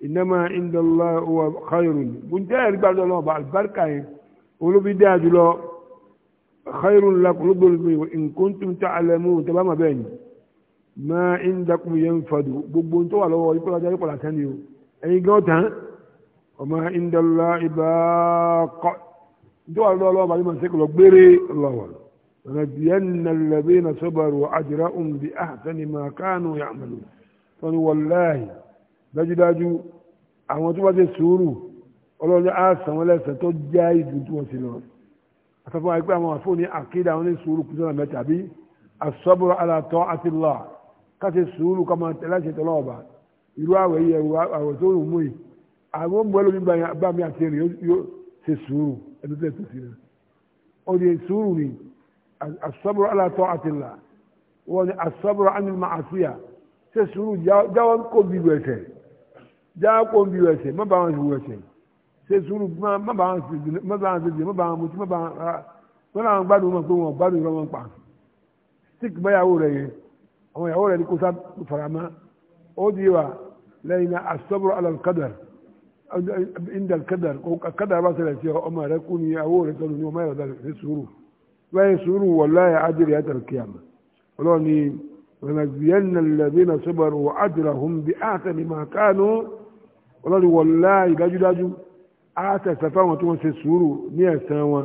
inama indala wa khayrun bunjẹ yẹn gbàdúrà lọ bá alibarika yẹn olóbi dáa jùlọ khayrun la kulubolomi nkuntum ta alamu taba ma bẹ́ẹ̀ ni ma indakum yẹn fadu gbogbo ntọ́ wà lọ́wọ́ ikú lajà ikú lajà ni o ẹ̀yin gan tán ọmọ indala ibà kọ́ ntọ́ wà lọ́wọ́ lọ́wọ́ bá yẹn ma ṣe kọ́ lọ gbére lọ́wọ́ lanajiyanna alladhina sabaru ajrahum bi ahsani ma kanu ya'malun dájúdájú àwọn tó bá ti sùúrù ọlọ́run á san wọ́n lẹ́sẹ̀ tó já ìdùn tí wọ́n ti lọ àtàkùn àìpé àwọn àfọ ní àkídà àwọn ní sùúrù kùsùn náà mẹ́ta bí asọ́bùrù alatọ́ àti lọ́ káṣe sùúrù kọ́ máa tẹ̀lé àṣẹ tọ́lọ́ ọ̀bà irú àwẹ̀ yẹ àwẹ̀ tó rùn mú yìí àwọn ọmọ ẹlòmí bá mi àti ẹ̀rìn yóò ṣe sùúrù ẹni tó tẹ̀sí rẹ̀ ó di sùúrù ni asọ́bùrù já kó ń bi ẹsẹ̀ má bàa wọn fi ẹsẹ̀ ṣe sùúrù má bàa wọn fi má bàa wọn fi má bàa wọn mutí má bàa wọn wọn làwọn gbádùn wọn pé wọn gbádùn ìrọ̀ wọn pa sick báyàwó rẹ̀ yẹn àwọn ìyàwó rẹ̀ ni kò sá farama ó di wa lẹ́yìn náà asọ́bùrọ̀ alalkadar inda alkadar kò kadar bá ṣẹlẹ̀ sí ọmọ rẹ̀ kú ni ìyàwó rẹ̀ sọ̀rọ̀ ni ọmọ yàrá rẹ̀ sùúrù wáyé sùúrù wọláyà ájẹrẹ yàtọ̀ kíyàmà ọlọ́ni ونجزين الذين صبروا أجرهم بأحسن ما كانوا ọlọ́run wọ̀láì dájúdájú á tẹ̀sán fáwọn tí wọ́n ṣe sùúrù ní ẹ̀sán wọn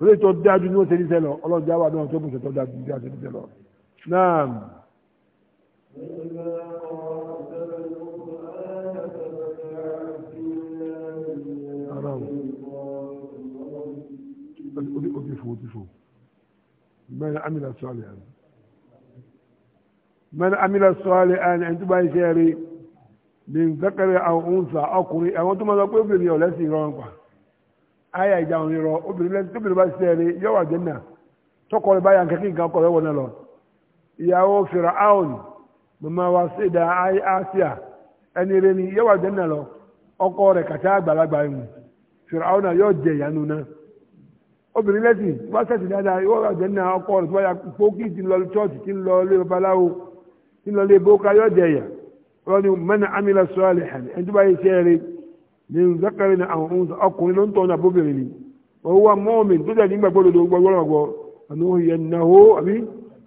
lórí tó dájú ní wọ́n ṣe níṣẹ́ lọ ọlọ́run jáwá náà tó bùṣẹ̀ tó dájú ní wọ́n ṣe níṣẹ́ lọ. náà. obi fo من fo mẹ́rin amílẹ̀ sọ́ọ̀lì ẹ̀ mẹ́rin amílẹ̀ sọ́ọ̀lì ẹ̀ bíntẹ́kẹ̀rẹ́ àwọn oúnjẹ ọkùnrin àwọn tó máa sọ pé obìnrin ọ̀lẹ́sìn ìrọ̀rùn pa ayé ìjà òun rọ obìnrin lẹ́sìn tóbìnrin bá ṣiṣẹ́ rí yọ wà jẹ́nà tọkọ rẹ báyà kẹ́kẹ́ nǹkan náà lọ. ìyàwó Firaun mama wa ṣèdá Asia ẹni rẹ ni yọ wà jẹ́nà lọ ọkọ rẹ kàtà àgbàlagbà ẹ̀hún Firaun náà yọ jẹ ìyanu náà. obìnrin lẹ́sìn wá dáadáa yọ wà ọkọ rẹ tó báyà wọ́n ní man amila salihan ẹni tó bá yẹ iṣẹ́ rere ní zakari ní àwọn ohun ọkùnrin ló ń tọ́ ní abóbìnrin ni wọ́n wá mọ́ọ̀mì tó dẹ̀ nígbà gbọ́dọ̀ tó gbọ́dọ̀ wọ́n gbọ́ àná òun yẹn náà ó àbí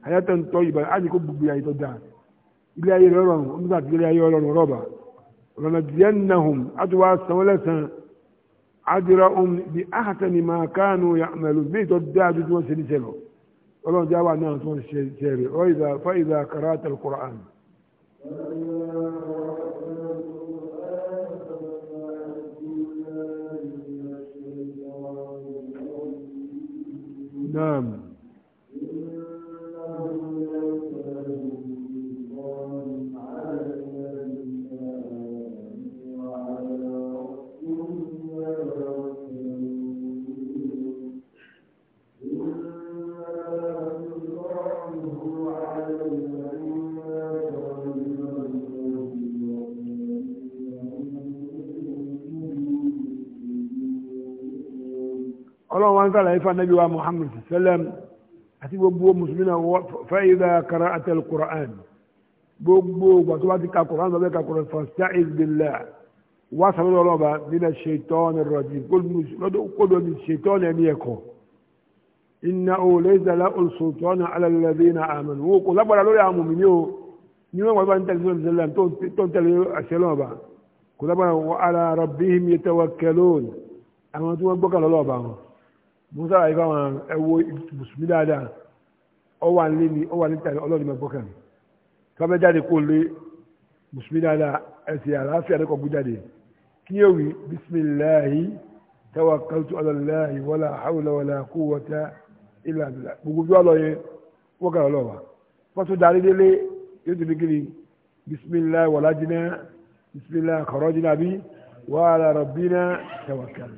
àyàtọ̀ ń tọ́ ìbá àti kó gbogbo àyè tó dà ilé ayé rẹ̀ rọrùn ó ń sàtì ilé ayé ọlọ́run rọ́bà ọ̀nà díẹ̀ náà hùn àti wá sanwó lẹ́sàn àdìrà òun bí àhàtà ni máa káànù àmàlù bí ìtọ́ dáa ju tí wọ́n ṣe Naam. sàlàyé fún anabi wa muhammad sallam àti gbogbo mùsùlùmí náà fa'idha qara'ta al-Qur'an gbogbo gbàtọ́ bá ti ka Qur'an bá bẹ́ẹ̀ ka Qur'an fasta'iz billah wá sàlọ́dọ̀ ọlọ́ba nínú ṣètọ́ni rọ̀jì kódò ní ṣètọ́ni ẹni ẹ̀kọ́ iná olóòzàlá olùsòtọ́ni alẹ́lẹ́bí na àmàlù wọ́n kò lágbára lórí àwọn mùmí ní o ní wọ́n wọ́n bá ń tẹ̀lé sọ́dọ̀ sẹ́lẹ̀ tó ń tẹ̀lé àṣẹ lọ́ba kò lágbára wọ́n ala rabbihim yatawakkalun àwọn tí wọ́n gbọ́kànlọ́ lọ́ba musa àyè fáwọn ẹwọ mùsùlùmí dáadáa ọwà nílé ni ọwà níta ni ọlọ́ọ̀ni máa gbọ́kàn tọ́bẹ̀ jáde kó lé mùsùlùmí dáadáa ẹsẹ̀ àlàáfíà lẹ́kọ̀ọ́ bú jáde kí ni òwì bisimilahi ala Allahi wala hawla wala quwwata ila billah gbogbo lọ yẹ wọ́n kà lọ́wọ́ wọ́n tún darí délé yóò tún ní jina bisimilahi bi wa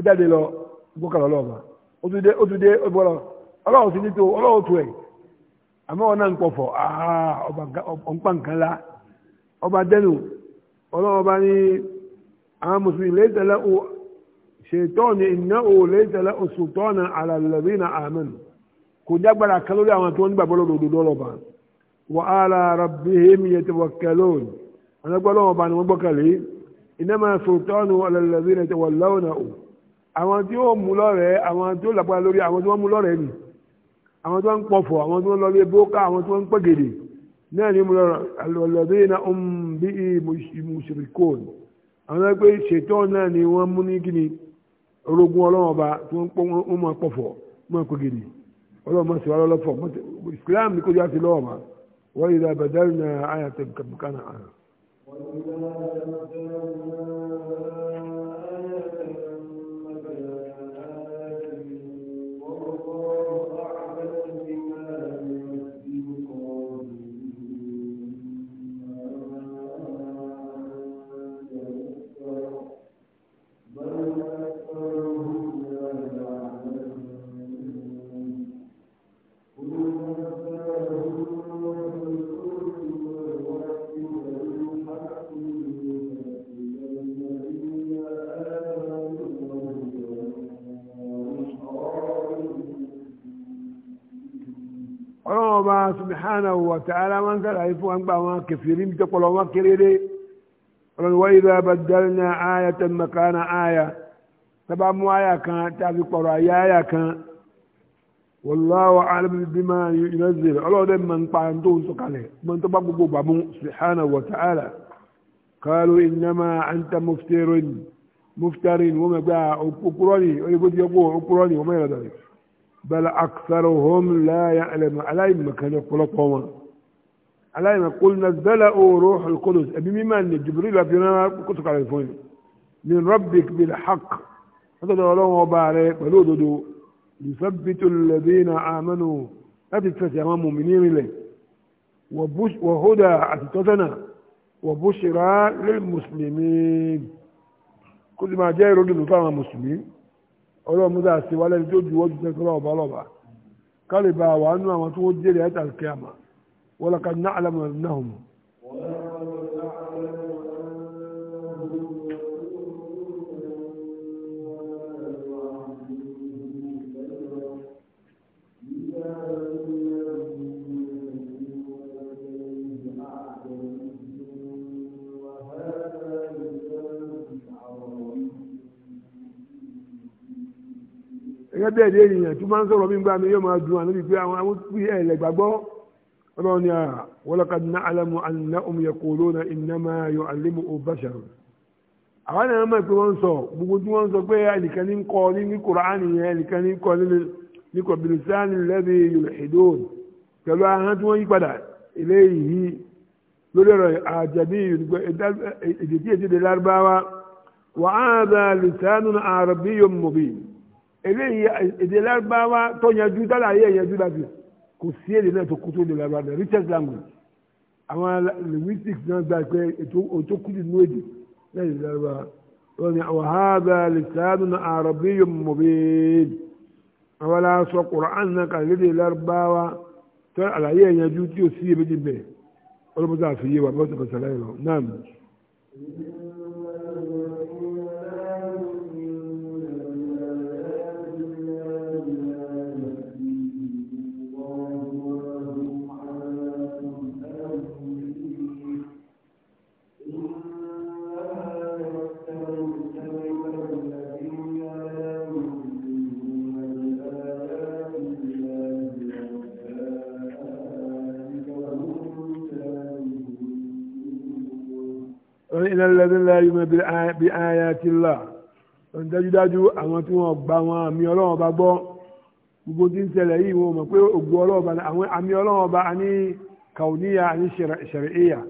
ó jáde lọ gbókàlọ́ ọlọ́ọ̀bà ó tún dé ó tún dé ó bọ́ lọ ọlọ́run sì ní tó ọlọ́run tó ẹ̀ àmọ́ wọn náà ń pọ̀fọ̀ ah, ọba nǹkan nǹkan la ọba dẹ́nu ọlọ́run bá ní àwọn mùsùlùmí lẹ́sẹ̀lẹ́ o ṣètọ́ọ̀nì iná o lẹ́sẹ̀lẹ́ o sùtọ́ọ̀nà àlàlẹ́bí na àmín kò jágbára kan lórí àwọn tó ń gbàgbọ́ lọ́dọ̀ òdodo ọlọ́ba wà á la rabbihim yatawakkalun àwọn ẹgbẹ́ ọlọ́run ọba ni wọ́n gbọ́kàlé iná máa sùtọ́ọ̀nù àlàlẹ́bí na tawallawna o àwọn tí ó mú lọ́rẹ̀ẹ́ àwọn tí ó lágbára lórí àwọn tí wọ́n mú lọ́rẹ̀ẹ́ nì àwọn tí wọ́n ń pọ̀fọ̀ àwọn tí wọ́n lọ lé bóká àwọn tí wọ́n ń pẹ̀gèdè náà ni alladhina hum bihi mushrikun àwọn ẹgbẹ́ ṣètò náà ni wọ́n mú ní kíni orogun ọlọ́wọ́n ọba tí wọ́n ń mọ pọ̀fọ̀ mọ pẹ̀gèdè ọlọ́wọ́n sì wá lọ́lọ́fọ̀ Islam ni kò já sí lọ́wọ́ ma wa idha badalna ayatan kamkana àná. ọlọ́run ọba subhanahu wa ta'ala wọn kára yìí fún wa ń gba àwọn kẹfìrí ń tọpọlọ wọn kéréré ọlọ́run wa idha baddalna ayatan makana aya sábà mú aya kan tàbí pọ̀rọ̀ ayé aya kan wallahu a'lam bima yunazzil ọlọ́run dẹ̀ máa ń pa àwọn tó ń sọ̀kalẹ̀ mọ́ tó bá gbogbo bàmú subhanahu wa ta'ala qalu innama anta muftirun muftarin wọ́n mẹ́gbà ah, òkúrọ́ ni ó yẹ yẹ kó òkúrọ́ wọ́n mẹ́rẹ̀ dọ̀rẹ̀. بل أكثرهم لا يعلم عليهم كان يقول قوما عليهم قل نزله روح القدس أبي مما أن جبريل أبينا كتك على الفون من ربك بالحق هذا لهم وبارك ولوددوا يثبت الذين آمنوا لا تتفتح أمام مؤمنين إليه وبش وهدى أتتنا وبشرى للمسلمين كل ما جاء يرد المسلمين ọlọ́run mú dáa sí wálé ní tó juwọ́ ju pé kọ́lọ́ ọba ọlọ́ba kálí bá wà nú àwọn tó ń jèrè ẹ̀ta wọ́n lọ́ka náà mọ̀. náà mọ̀. gẹ́gẹ́ bẹ́ẹ̀ lé èèyàn tó máa ń sọ̀rọ̀ mí gbà mí yóò máa dùn àná wípé àwọn amúpí ẹ̀lẹ̀ gbàgbọ́ ọlọ́run ni walaqad na'lamu annahum yaquluna innama yu'allimuhu bashar àwọn ènìyàn mọ̀ pé wọ́n sọ gbogbo tí wọ́n sọ pé ẹnìkan ní kọ́ ní kùránì yẹn ẹnìkan ní kọ́ ní kọ̀bìlìsánì lẹ́bi yulhidun pẹ̀lú ahọ́n tí wọ́n yí padà eléyìí lórí eléyìí èdè lárúbáwá tó yanjú tó láyé yanjú lábẹ́ kò sí èdè náà tó kú tó lè lárúbáwá náà richest language àwọn linguistics náà gba pé ètò kúrò nínú èdè náà lárúbáwá wọ́n ní àwọn haza lisanun arabiyyun mubin àwọn aláṣọ Qur'an náà kà lédè lárúbáwá tó àlàyé yanjú tí ò sí èméjì bẹ́ẹ̀ ọlọ́mọdé àfiyé wa bọ́sẹ̀ bọ́sẹ̀ láyé lọ náà. الذين لا يؤمنون بآيات الله ọ̀n dájúdájú àwọn tí wọ́n gba àwọn àmì ọlọ́run ọba gbọ́ gbogbo tí ń ṣẹlẹ̀ yìí wọ́n mọ̀ pé ògùn ọlọ́run ọba àwọn àmì ọlọ́run ọba àní kàwníyà àní ṣẹ̀rẹ̀ẹ́yà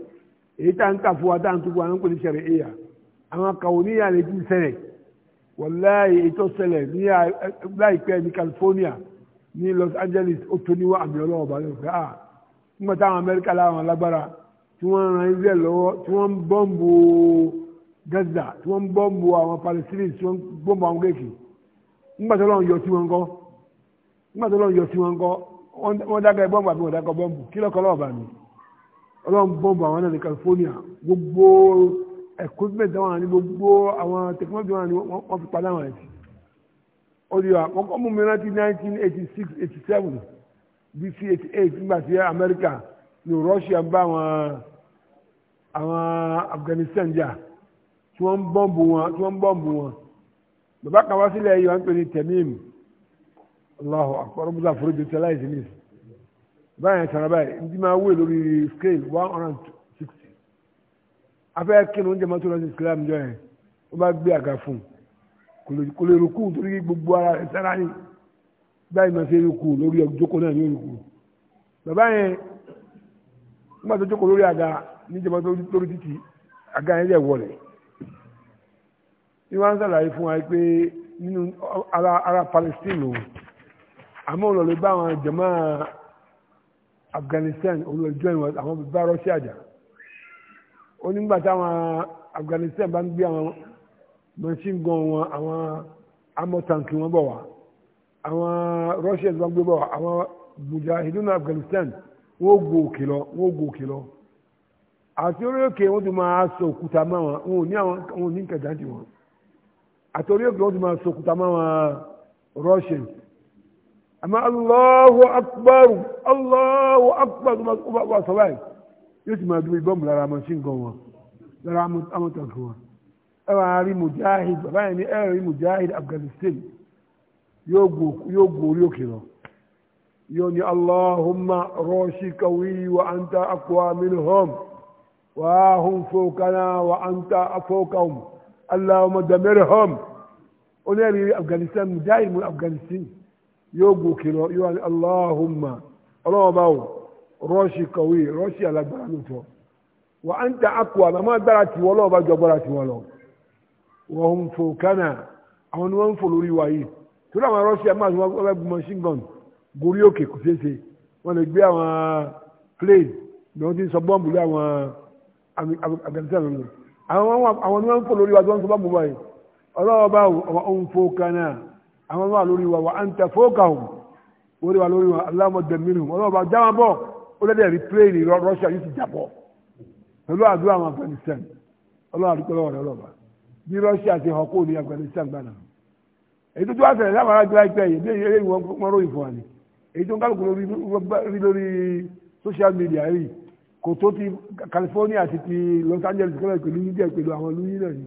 èyí tá ń kà fún wa tá ń tukú àwọn ń ní ṣẹ̀rẹ̀ẹ́yà àwọn kàwníyà lè ti ṣẹlẹ̀ wàláyé ètò ṣẹlẹ̀ ní láìpẹ́ tí wọ́n ń ran Israel lọ́wọ́ tí wọ́n ń bọ́ǹbù Gaza tí wọ́n ń bọ́ǹbù àwọn Palestinians tí wọ́n ń bọ́ǹbù àwọn Gẹ̀ẹ́kì ńgbà tí Ọlọ́run yọ sí wọn kọ́ ńgbà tí Ọlọ́run yọ sí wọn kọ́ wọ́n dákẹ́ bọ́ǹbù àbí wọ́n dákẹ́ bọ́ǹbù kí lọ́kọ́ lọ́ọ̀bà mi Ọlọ́run bọ́ǹbù àwọn náà ní California gbogbo equipment àwọn àni gbogbo àwọn technology wọn ni wọ́n fi padà wọn ẹ̀sìn olùyà wọn kọ́ mú mi rántí 1986 87 bc 88 nígbà tí Amẹ́ríkà ní Russia ń bá àwọn àwọn Afghanistan jà tí wọ́n ń bọ́ǹbù wọn tí wọ́n ń bọ́ǹbù wọn bàbá kan wá sílẹ̀ yìí wọ́n ń pè ní Tamim Allahu akbar musa foríjì tí aláìsí ní ìsìn báyìí sọ̀rọ̀ báyìí ní ti máa wé lórí scale one hundred and sixty afẹ́ kí ni oúnjẹ máa tó lọ sí Islam jọ yẹn wọ́n bá gbé àga fún un kò lè rúkú torí gbogbo ara rẹ̀ sára ní báyìí máa ṣe rúkú lórí ọjọ́ náà ní òrùkú bàbá yẹn nígbà tó jókòó lórí àga níjọba lórí títì àga yẹn yẹ̀ wọlé ìwà ń sàlàyé fún wa pé nínú ara Palestine o àmọ́ olùlọ́lẹ̀ bá àwọn jàmá Afghanistan olùlọ́lẹ̀ join wọn àwọn bá Russia jà ó nígbà táwọn Afghanistan bá ń gbé àwọn machine gun wọn àwọn amọ̀ tanki wọn bọ̀ wá àwọn Russians bá gbé bọ̀ àwọn mujahidun Afghanistan. wọ́n gbò òkè lọ wọ́n gbò òkè lọ àti orí òkè wọ́n ti máa sọ òkúta mọ́ wọn wọn ò ní àwọn ti wọn àti orí òkè wọ́n ti máa sọ òkúta wọn Russian àmọ́ Allahu Akbar Allahu Akbar tó máa wà sọ yóò ti máa dúró ìbọ̀mù lára àmọ́ sí wọn lára amọ̀tàkì mujahid bàbá yẹn ní ẹ rí mujahid lọ. يوني اللهم روشي قوي وأنت أقوى منهم وهم فوقنا وأنت فوقهم اللهم دمرهم ونري أفغانستان دائما أفغانستان يوغو كيلو يوني اللهم اللهم باو روشي قوي روشي على برانوتو وأنت أقوى ما درتي ولا بجبرتي ولا وهم فوقنا àwọn ni wọ́n ń fò lórí wa yìí torí àwọn gorí òkè kò ṣeé ṣe wọ́n lè gbé àwọn plane ni wọ́n ti ń sọ bọ́ǹbù lé àwọn Afghanistan lọ àwọn ni wọ́n ń fò lórí wa tí wọ́n ń sọ bọ́ǹbù báyìí ọlọ́wọ́ bá wà ó ń fò kaná àwọn wà lórí wa wà á ń tẹ fóòkà hù wọ́n wà lórí wa aláwọ̀ dẹ̀mínú ọlọ́wọ́ bá jáwọn bọ̀ ó lẹ́dẹ̀ rí plane Russia yìí ti jàpọ̀ pẹ̀lú àdúrà àwọn Afghanistan ọlọ́wọ́ àdúgbò ọlọ́wọ́ bí Russia ti hàn kó ní Afghanistan gbàdàn èyí tó tó wá ṣẹlẹ̀ láwọn ará èyí tó ń kálukú rí lórí social media rí kò tó ti California àti ti Los Angeles kọ́lẹ̀ pẹ̀lú yíjẹ́ pẹ̀lú àwọn olú yín náà ni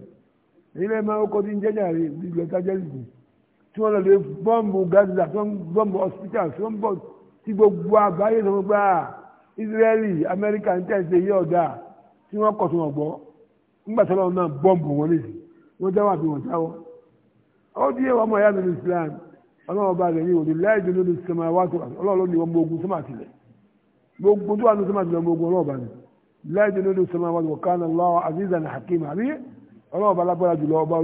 èyí lẹ́yìn máa ń kọ́ tí ń jẹ́jà rí ní Los Angeles tí wọ́n lọ lè bọ́ǹbù Gaza tí wọ́n bọ́ǹbù hospital tí wọ́n bọ́ tí gbogbo àgbáyé tó ah, ń gbà Israeli Amẹ́ríkà ń tẹ̀sí iye ọ̀dà tí wọ́n kọ̀ tó wọ́n gbọ́ ńgbà tó lọ́wọ́ náà bọ́ǹbù wọlé sí wọ́n jáwọ́ àbí wọ́n jáwọ́ ó dí ẹ̀wọ̀n ọmọ ìyá mi ní Islam ọlọ́run bá rẹ̀ ní òní láìjọ lórí sẹ́mà wá tó ọlọ́run ní ọmọ ogun sẹ́mà tilẹ̀ gbogbo tó wà ní sẹ́mà tilẹ̀ ọmọ ogun ọlọ́run bá ní láìjọ lórí sẹ́mà wá tó kánà lọ́wọ́ aziza ní hakim àbí ọlọ́run bá lágbára jùlọ ọba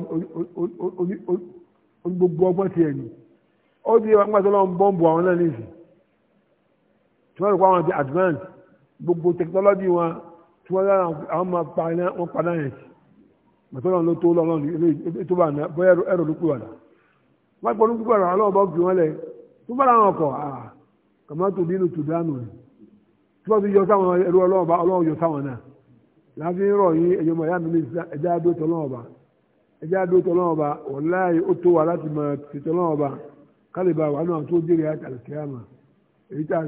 gbogbo ọgbọ́n tiẹ̀ ni ó di wọn pàṣẹ ọlọ́run bọ́ǹbù àwọn náà nìyí tí wọ́n rò pé àwọn ti advance gbogbo technology wọn tí wọ́n lára àwọn máa pa náà wọ́n pa náà yẹn mọ̀tọ́lọ́run ló tó lọ́run tó bá náà bóyá ẹ̀rọ ló pè wà náà wọ́n pọ̀ ní púpọ̀ rà ọlọ́ọ̀bọ̀ fi wọ́n lẹ̀ tó bá làwọn ọkọ̀ kàmá tó nínú tó dánù rẹ̀ tí wọ́n ti yọ sáwọn ẹrú ọlọ́ọ̀bá ọlọ́ọ̀ yọ sáwọn náà láti ń rọ̀ yín ẹ̀yọ́ mọ̀ yánu ní ẹja adó tọ́lọ́ọ̀bá ẹja adó tọ́lọ́ọ̀bá ó tó wa láti mọ̀ ti tọ́lọ́ọ̀bá kálíbà wà tó dé rẹ̀ èyí tá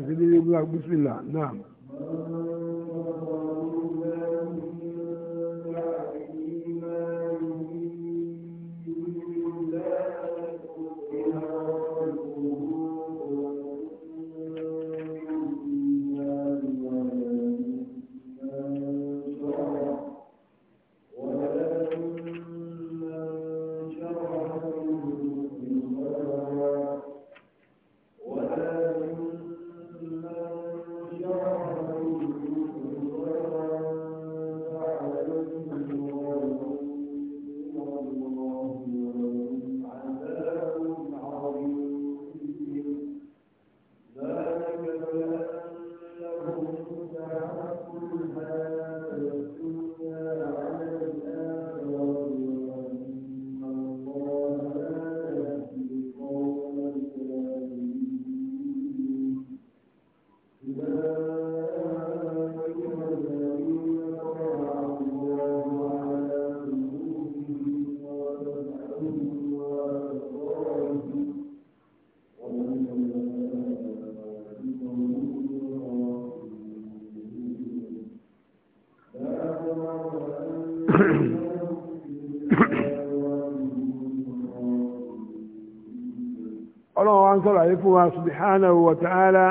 ọlọ́run wa ń sọ̀rọ̀ àyè fún wa subhanahu wa ta'ala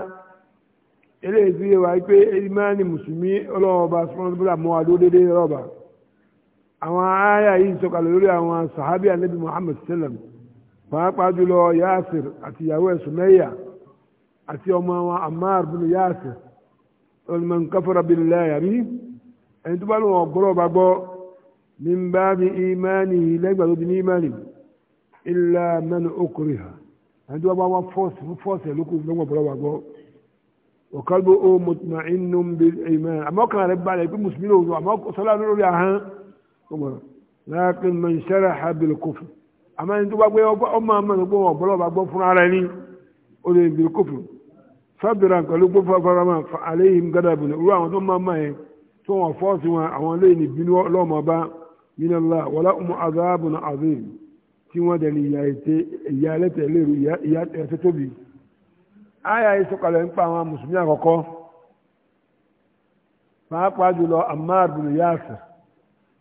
eléyìí tí yẹwà pé ìmáàni mùsùlùmí ọlọ́run ọba sọ́nàdúrà mọ́ adó déédéé àwọn aáyà yìí lórí àwọn anabi muhammad sallam pàápàá jùlọ yaasir àti ìyàwó àti ọmọ wọn ammar bin yaasir ọlọ́run man kafara billahi àbí ẹni tó bá lọ́wọ́ من باب إيمانه لا يقبل من إيمانه إلا من أكره عنده أبا فوس فوس لكم لما بروا وقلبه مطمئن بالإيمان أما كان رب على يكون مسلمين أما صلاة نقول يا لكن من شرح بالكفر أما أنتم بقى أما أما نقول بروا بقى فرعاني أولي بالكفر sábìrà pẹ̀lú gbófà farama fa àléhìn gádàbìnrin irú àwọn tó máa máa yẹn tó wọn fọ́ọ̀sì min Allah wala umu azabun azim tí wọ́n dẹ̀ ní ìyà ẹlẹ́tẹ̀ lérò ìyà ẹ̀tẹ́ tóbi àyà yìí sọ̀kalẹ̀ ń pa àwọn mùsùlùmí àkọ́kọ́ pàápàá jùlọ Ammar bin Yasir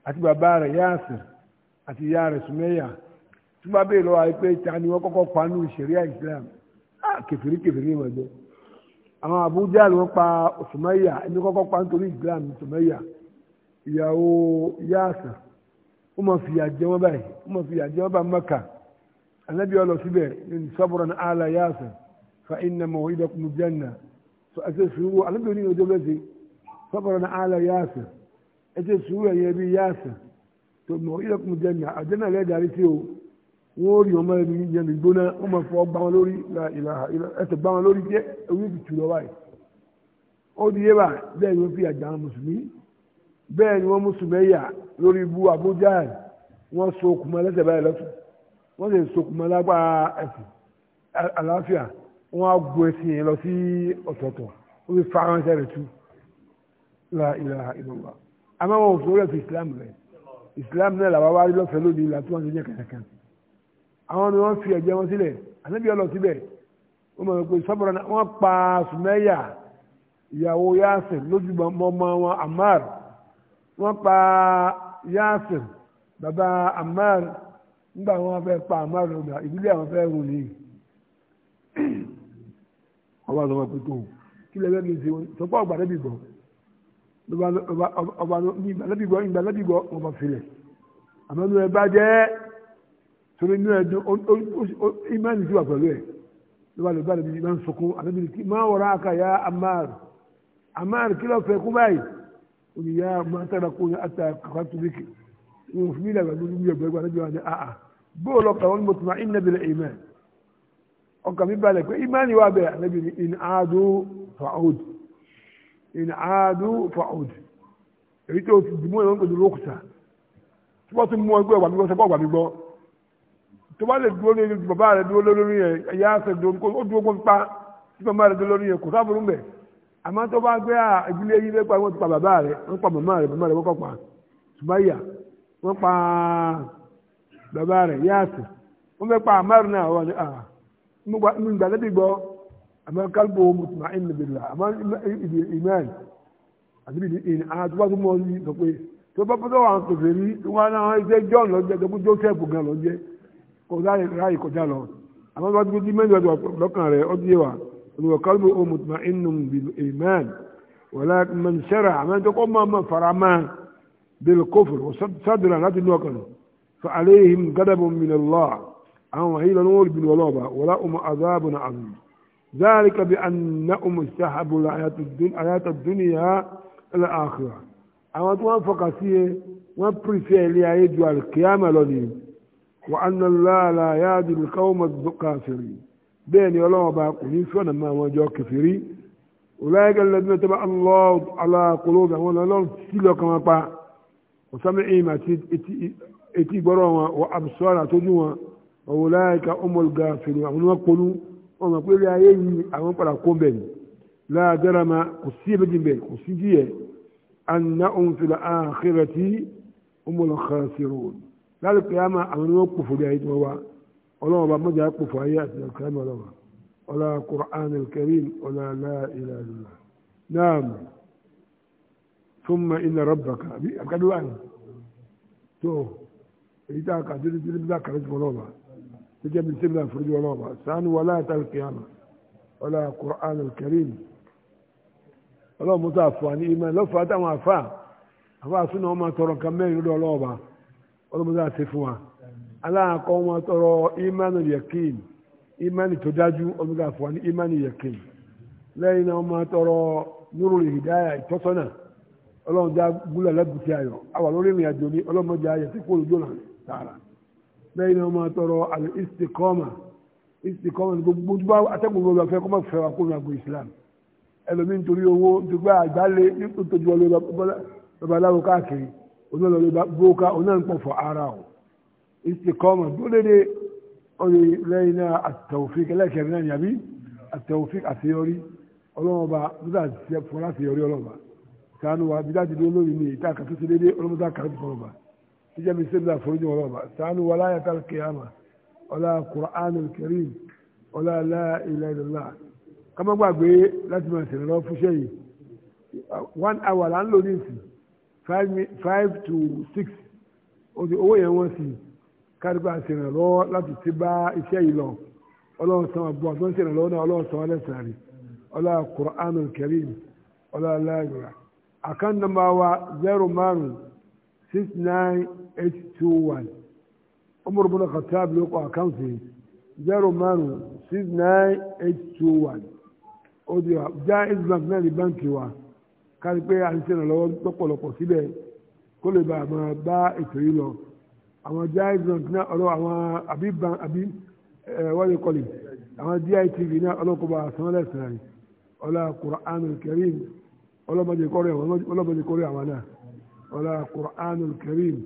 àti bàbá rẹ̀ Yasir àti ìyá rẹ̀ Sumayya tí wọ́n bèèrè lọ́wọ́ àyè pé ta ni wọ́n kọ́kọ́ pa nínú ìṣẹ̀ríà Islam kẹfìrí kẹfìrí wọn jẹ àwọn Abu Jahl wọ́n pa Sumayya ẹni kọ́kọ́ pa nítorí Islam Sumayya ìyàwó Yasir ó máa fìyà maka anabi ọlọ síbẹ̀ ala yaasa fa iná mọ̀ ìdá kùnú jẹ́nà so ẹsẹ̀ sùúrù anabi oní ìdó bẹ́ẹ̀ sí ní ala yaasa ẹsẹ̀ sùúrù ẹ̀yẹ bí yaasa tó mọ̀ ìdá kùnú jẹ́nà àjẹ́nà rẹ̀ sí o wọ́n rí ọmọ ẹni yẹn gbóná wọ́n máa fọ́ lórí ẹsẹ̀ lórí jẹ́ bẹ́ẹ̀ ni wọ́n mú sùmẹ́yà lórí ibú Abuja wọ́n so okùnmọ́ lẹ́sẹ̀ báyìí lọ́tún wọ́n sì so okùnmọ́ lágbára ẹ̀sìn àlàáfíà wọ́n á gun ẹ̀sìn yẹn lọ sí ọ̀tọ̀ọ̀tọ̀ ó fi fa rẹ̀ tú la ilaha illallah àmọ́ wọn ò sọ rẹ̀ fi Islam rẹ̀ Islam náà làwọn wá rí lọ́fẹ̀ẹ́ lónìí ìlà tí wọ́n ti yẹ kẹ̀kẹ́ àwọn ni wọ́n fi ẹ̀jẹ̀ wọn sílẹ̀ ànábì ọlọ síbẹ̀ wọ́n mọ̀ pé sọ́bùrọ̀ náà wọ́n pa sùmẹ́yà ìyàwó yáàsìn lójú mọ́ wọ́n pa Yasir bàbá Ammar nígbà wọn fẹ́ pa Ammar lọ́gbà ìdílé àwọn fẹ́ rùn ní ọba lọ́wọ́ pé tó kí lè bẹ́ẹ̀ mi ṣe wọn sọpọ́ ọgbà lẹ́bí gbọ́ ọba ìgbà lẹ́bí gbọ́ ìgbà lẹ́bí gbọ́ wọn bá filẹ̀ àmọ́ inú ẹ bá jẹ́ torí inú ẹ dún ìmánì sí wà pẹ̀lú ẹ̀ ló bá lè bá lẹ́bí máa ń sọkún àlẹ́bí máa wọ̀rọ̀ àkàyà Ammar Ammar kí lọ́ọ́ fẹ́ kú báyìí òní yá máa tẹ́ra kó ní ata kàkà tó bíkì wọn ò fi mí làgbà lórí mi ọ̀gbẹ́ gba níbi wọn ni àà bóòlù ọkà wọn mo tún máa ń nàbẹ̀lẹ̀ ìmẹ̀ ọkà mi balẹ̀ pé ìmánì wà bẹ̀ ànábì ni in aadu fa'ud in aadu fa'ud èyí tó ti dùmọ̀ ìwọ̀n pẹ̀lú lókùtà tí wọ́n ti mú ọgbẹ́ wà mí gbọ́ sọ́kọ́ wà mí gbọ́ tó bá lè dúró lórí bàbá rẹ̀ dúró lórí yẹn ẹ̀yà àṣẹ dúró kó dúró kó ń pa tí bàbá rẹ̀ dúró lórí yẹn kò sábòrò mẹ́ẹ̀. àmọ́ tó bá gbé ah, ìdílé yìí lé pa ti pa bàbá rẹ̀ wọ́n pa màmá rẹ̀ màmá rẹ̀ wọ́n kọ́ pa Sumayya wọ́n pa bàbá rẹ̀ yáàsì wọ́n fẹ́ pa àmọ́ rẹ̀ náà wọ́n ni ah mo gbà lẹ́bi àmọ́ àmọ́ àti ní tó bá wọn náà John tó kú Joseph وقلبه مطمئن بالإيمان ولكن من شرع من تقوم من فرما بالكفر وصدر لا تنوكل فعليهم غضب من الله أو هيل نور ولوبا ولهم عذاب عظيم ذلك بأنهم استحبوا الحياة الدنيا الآخرة الدنيا الآخرة wọ́n fọkà فيه e ليعيدوا القيامة ilé وأن الله لا lọ القوم wọ́n bẹ́ẹ̀ ni ọlọ́run ọba kò ní fi ọ̀nà máa wọn jọ kẹfìrí ọláyẹgẹ lẹbi tọba allah alakolo àwọn ọlọ́run tí lọkàn wọn pa ọsàmì ìhìn àti etí ìgbọrọ wọn wọ abusor àtọjú wọn ọwọ láyẹka ọmọlùgà fèrè àwọn ọmọ polú wọn mọ pé ayé yìí àwọn padà kó bẹ́ẹ̀ ni láàdára ma kò sí ebi jìnbẹ kò sí jíyẹ anna òun fi la àkérè tí ọmọlùkà fèrè wọn lálẹ́ pé àwọn ọmọ kò fòlù ayé tí wá ọlọ́run ọba mọ́jà pò fún ayé àti ọ̀kẹ́ mọ́lọ́wọ́ ọlá Qur'an al-Karim ọlá la ilaha illallah naam thumma inna rabbaka àbí àkàdúrà ni tó èyí tá a kà títí títí bíbá kàrẹ́tì ọlọ́ọ̀bà títí bí títí bíbá fúrúdì ọlọ́ọ̀bà sànù wọlá àtàlùkìyàmà ọlá Qur'an al-Karim mọ́tò àfọ̀àní ìmọ̀ lọ́fọ̀ọ́ àtàwọn àfà àfà àfin náà wọ́n máa mẹ́rin lọ́dọ̀ ọlọ́ọ̀bà mọ́tò àti fún wa. aláàkọ́ wọn tọrọ imanu yakin Imanu tó dájú ọmọdé àfọwọ́n ní imani yakin lẹ́yìn náà wọn tọrọ nuru hidaya ìtọ́sọ́nà ọlọ́run já gúlẹ̀ ayọ̀ ìrìn àjò ní tí kò tààrà lẹ́yìn náà tọrọ istikọ́mà istikọ́mà ní gbogbo gbogbo kọ́mọ̀ fẹ́ wa kó islam ẹlòmí nítorí owó nítorí àgbálẹ̀ nítorí istiqama dúró dédé orí lẹ́yìn náà àtàwòfík ẹlẹ́kẹ̀rin náà yàbí àtàwòfík àṣeyọrí ọlọ́mọba bídà ṣe fún láṣeyọrí ọlọ́mọba sànù wa bídà ti dúró lórí ní ìta àkàtú sí dédé ọlọ́mọdé àkàtú fún ọlọ́mọba jíjẹ́ mi sẹ́dá foríjì ọlọ́mọba sànù wa láyà tá kéyàmà ọlá Qur'anul Karim ọlá la ilaha illallah kọ́mọ́ gbàgbé láti máa sẹ̀rẹ̀ lọ fúnṣẹ́ yìí one hour là ń lò ní ìsìn five to six owó yẹn wọ́n sí i kárìbá ṣe ìrànlọ́wọ́ láti ti bá iṣẹ́ yìí lọ ọlọ́run àbúrò àti wọ́n ṣe ìrànlọ́wọ́ náà ọlọ́run san ọlẹ́sàn rí ọlá Qur'anul Karim ala aláìlúra àkán nàmbà wa zero márùn six nine eight two one Umar bin Khattab ló kọ àkáǹtì zero márùn six nine eight two one ó di wa já náà wa kárí pé ṣe ìrànlọ́wọ́ lọ́pọ̀lọpọ̀ síbẹ̀ kó lè máa bá àwọn jaizon náà ọlọ́ àwọn abiban abi wọ́n kọ́lì àwọn DITV náà ọlọ́kọ̀ọ́bà sanwó-ẹ̀sìn rẹ̀ ọlá Qur'anul Karim ọlọ́mọdé kọ́rẹ́ àwọn náà ọlá Qur'anul Karim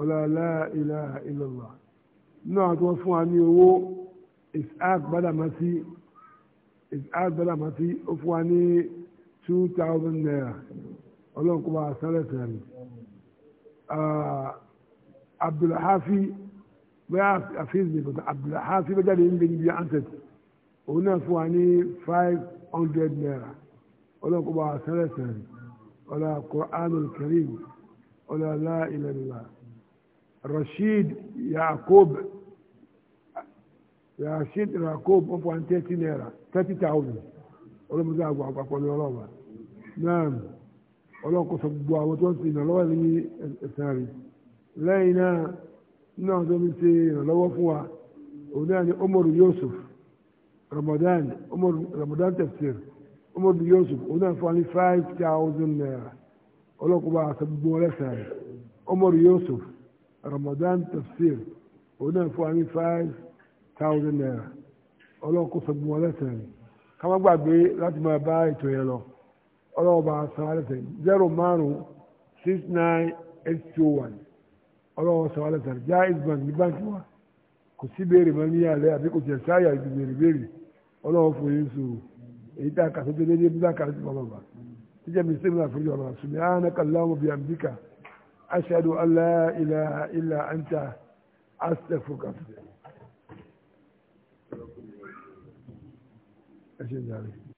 ọlá la ilaha illallah náà tó fún wa ní owó Isaac Badamasi Isaac Badamasi ó fún wa ní two thousand naira ọlọ́kọ̀ọ́bà sanwó-ẹ̀sìn rẹ̀ abdulhafi bẹ́ẹ̀ àfihàn ìbùdó abdulhafi bẹ́ẹ̀ jáde níbi níbi ansẹt òun náà fún wa ní five hundred naira ọlọ́kọ̀ọ́bà sẹ́lẹ̀sẹ̀n ọlá Qur'anul Karim ọlá la ilaha illallah Rashid Yaakub Rashid Yaakub wọ́n fún wa ní thirty naira thirty thousand ọlọ́mọdé àgbà àpapọ̀ ní ọlọ́wà náà ọlọ́kọ̀ọ́sọ gbogbo àwọn tó ń sin ìnáwó ní ẹ̀sán rẹ̀. lẹ́yìn náà nínú àwọn tó ń ṣe ìrànlọ́wọ́ fún ni Yusuf Ramadan Ramadan tafsir Umaru Yusuf òun náà fún wa ní five thousand naira ọlọ́kùnrin àti gbogbo ọlẹ́sàn rẹ̀ Ramadan tafsir òun náà fún wa ní five thousand naira ọlọ́kùnrin àti gbogbo ọlẹ́sàn rẹ̀ ká má gbàgbé láti máa bá ètò yẹn lọ a zero márùn six nine eight two one. ọlọ́wọ́ sọ alẹ́ tàbí jaiz bank ní báńkì wa kò sí béèrè mọ́ ní alẹ́ àbí kò tiẹ̀ sáyà ibi béèrè béèrè ọlọ́wọ́ fún yín sòrò èyí tá a kà tó dé déédéé bí láka ti bọ̀ lọ́ba tíjà mi sẹ́mi àforí ọ̀rọ̀ subhanaka Allahumma bi hamdika ashhadu an la ilaha illa anta astaghfiruka ẹ ṣe ń darí.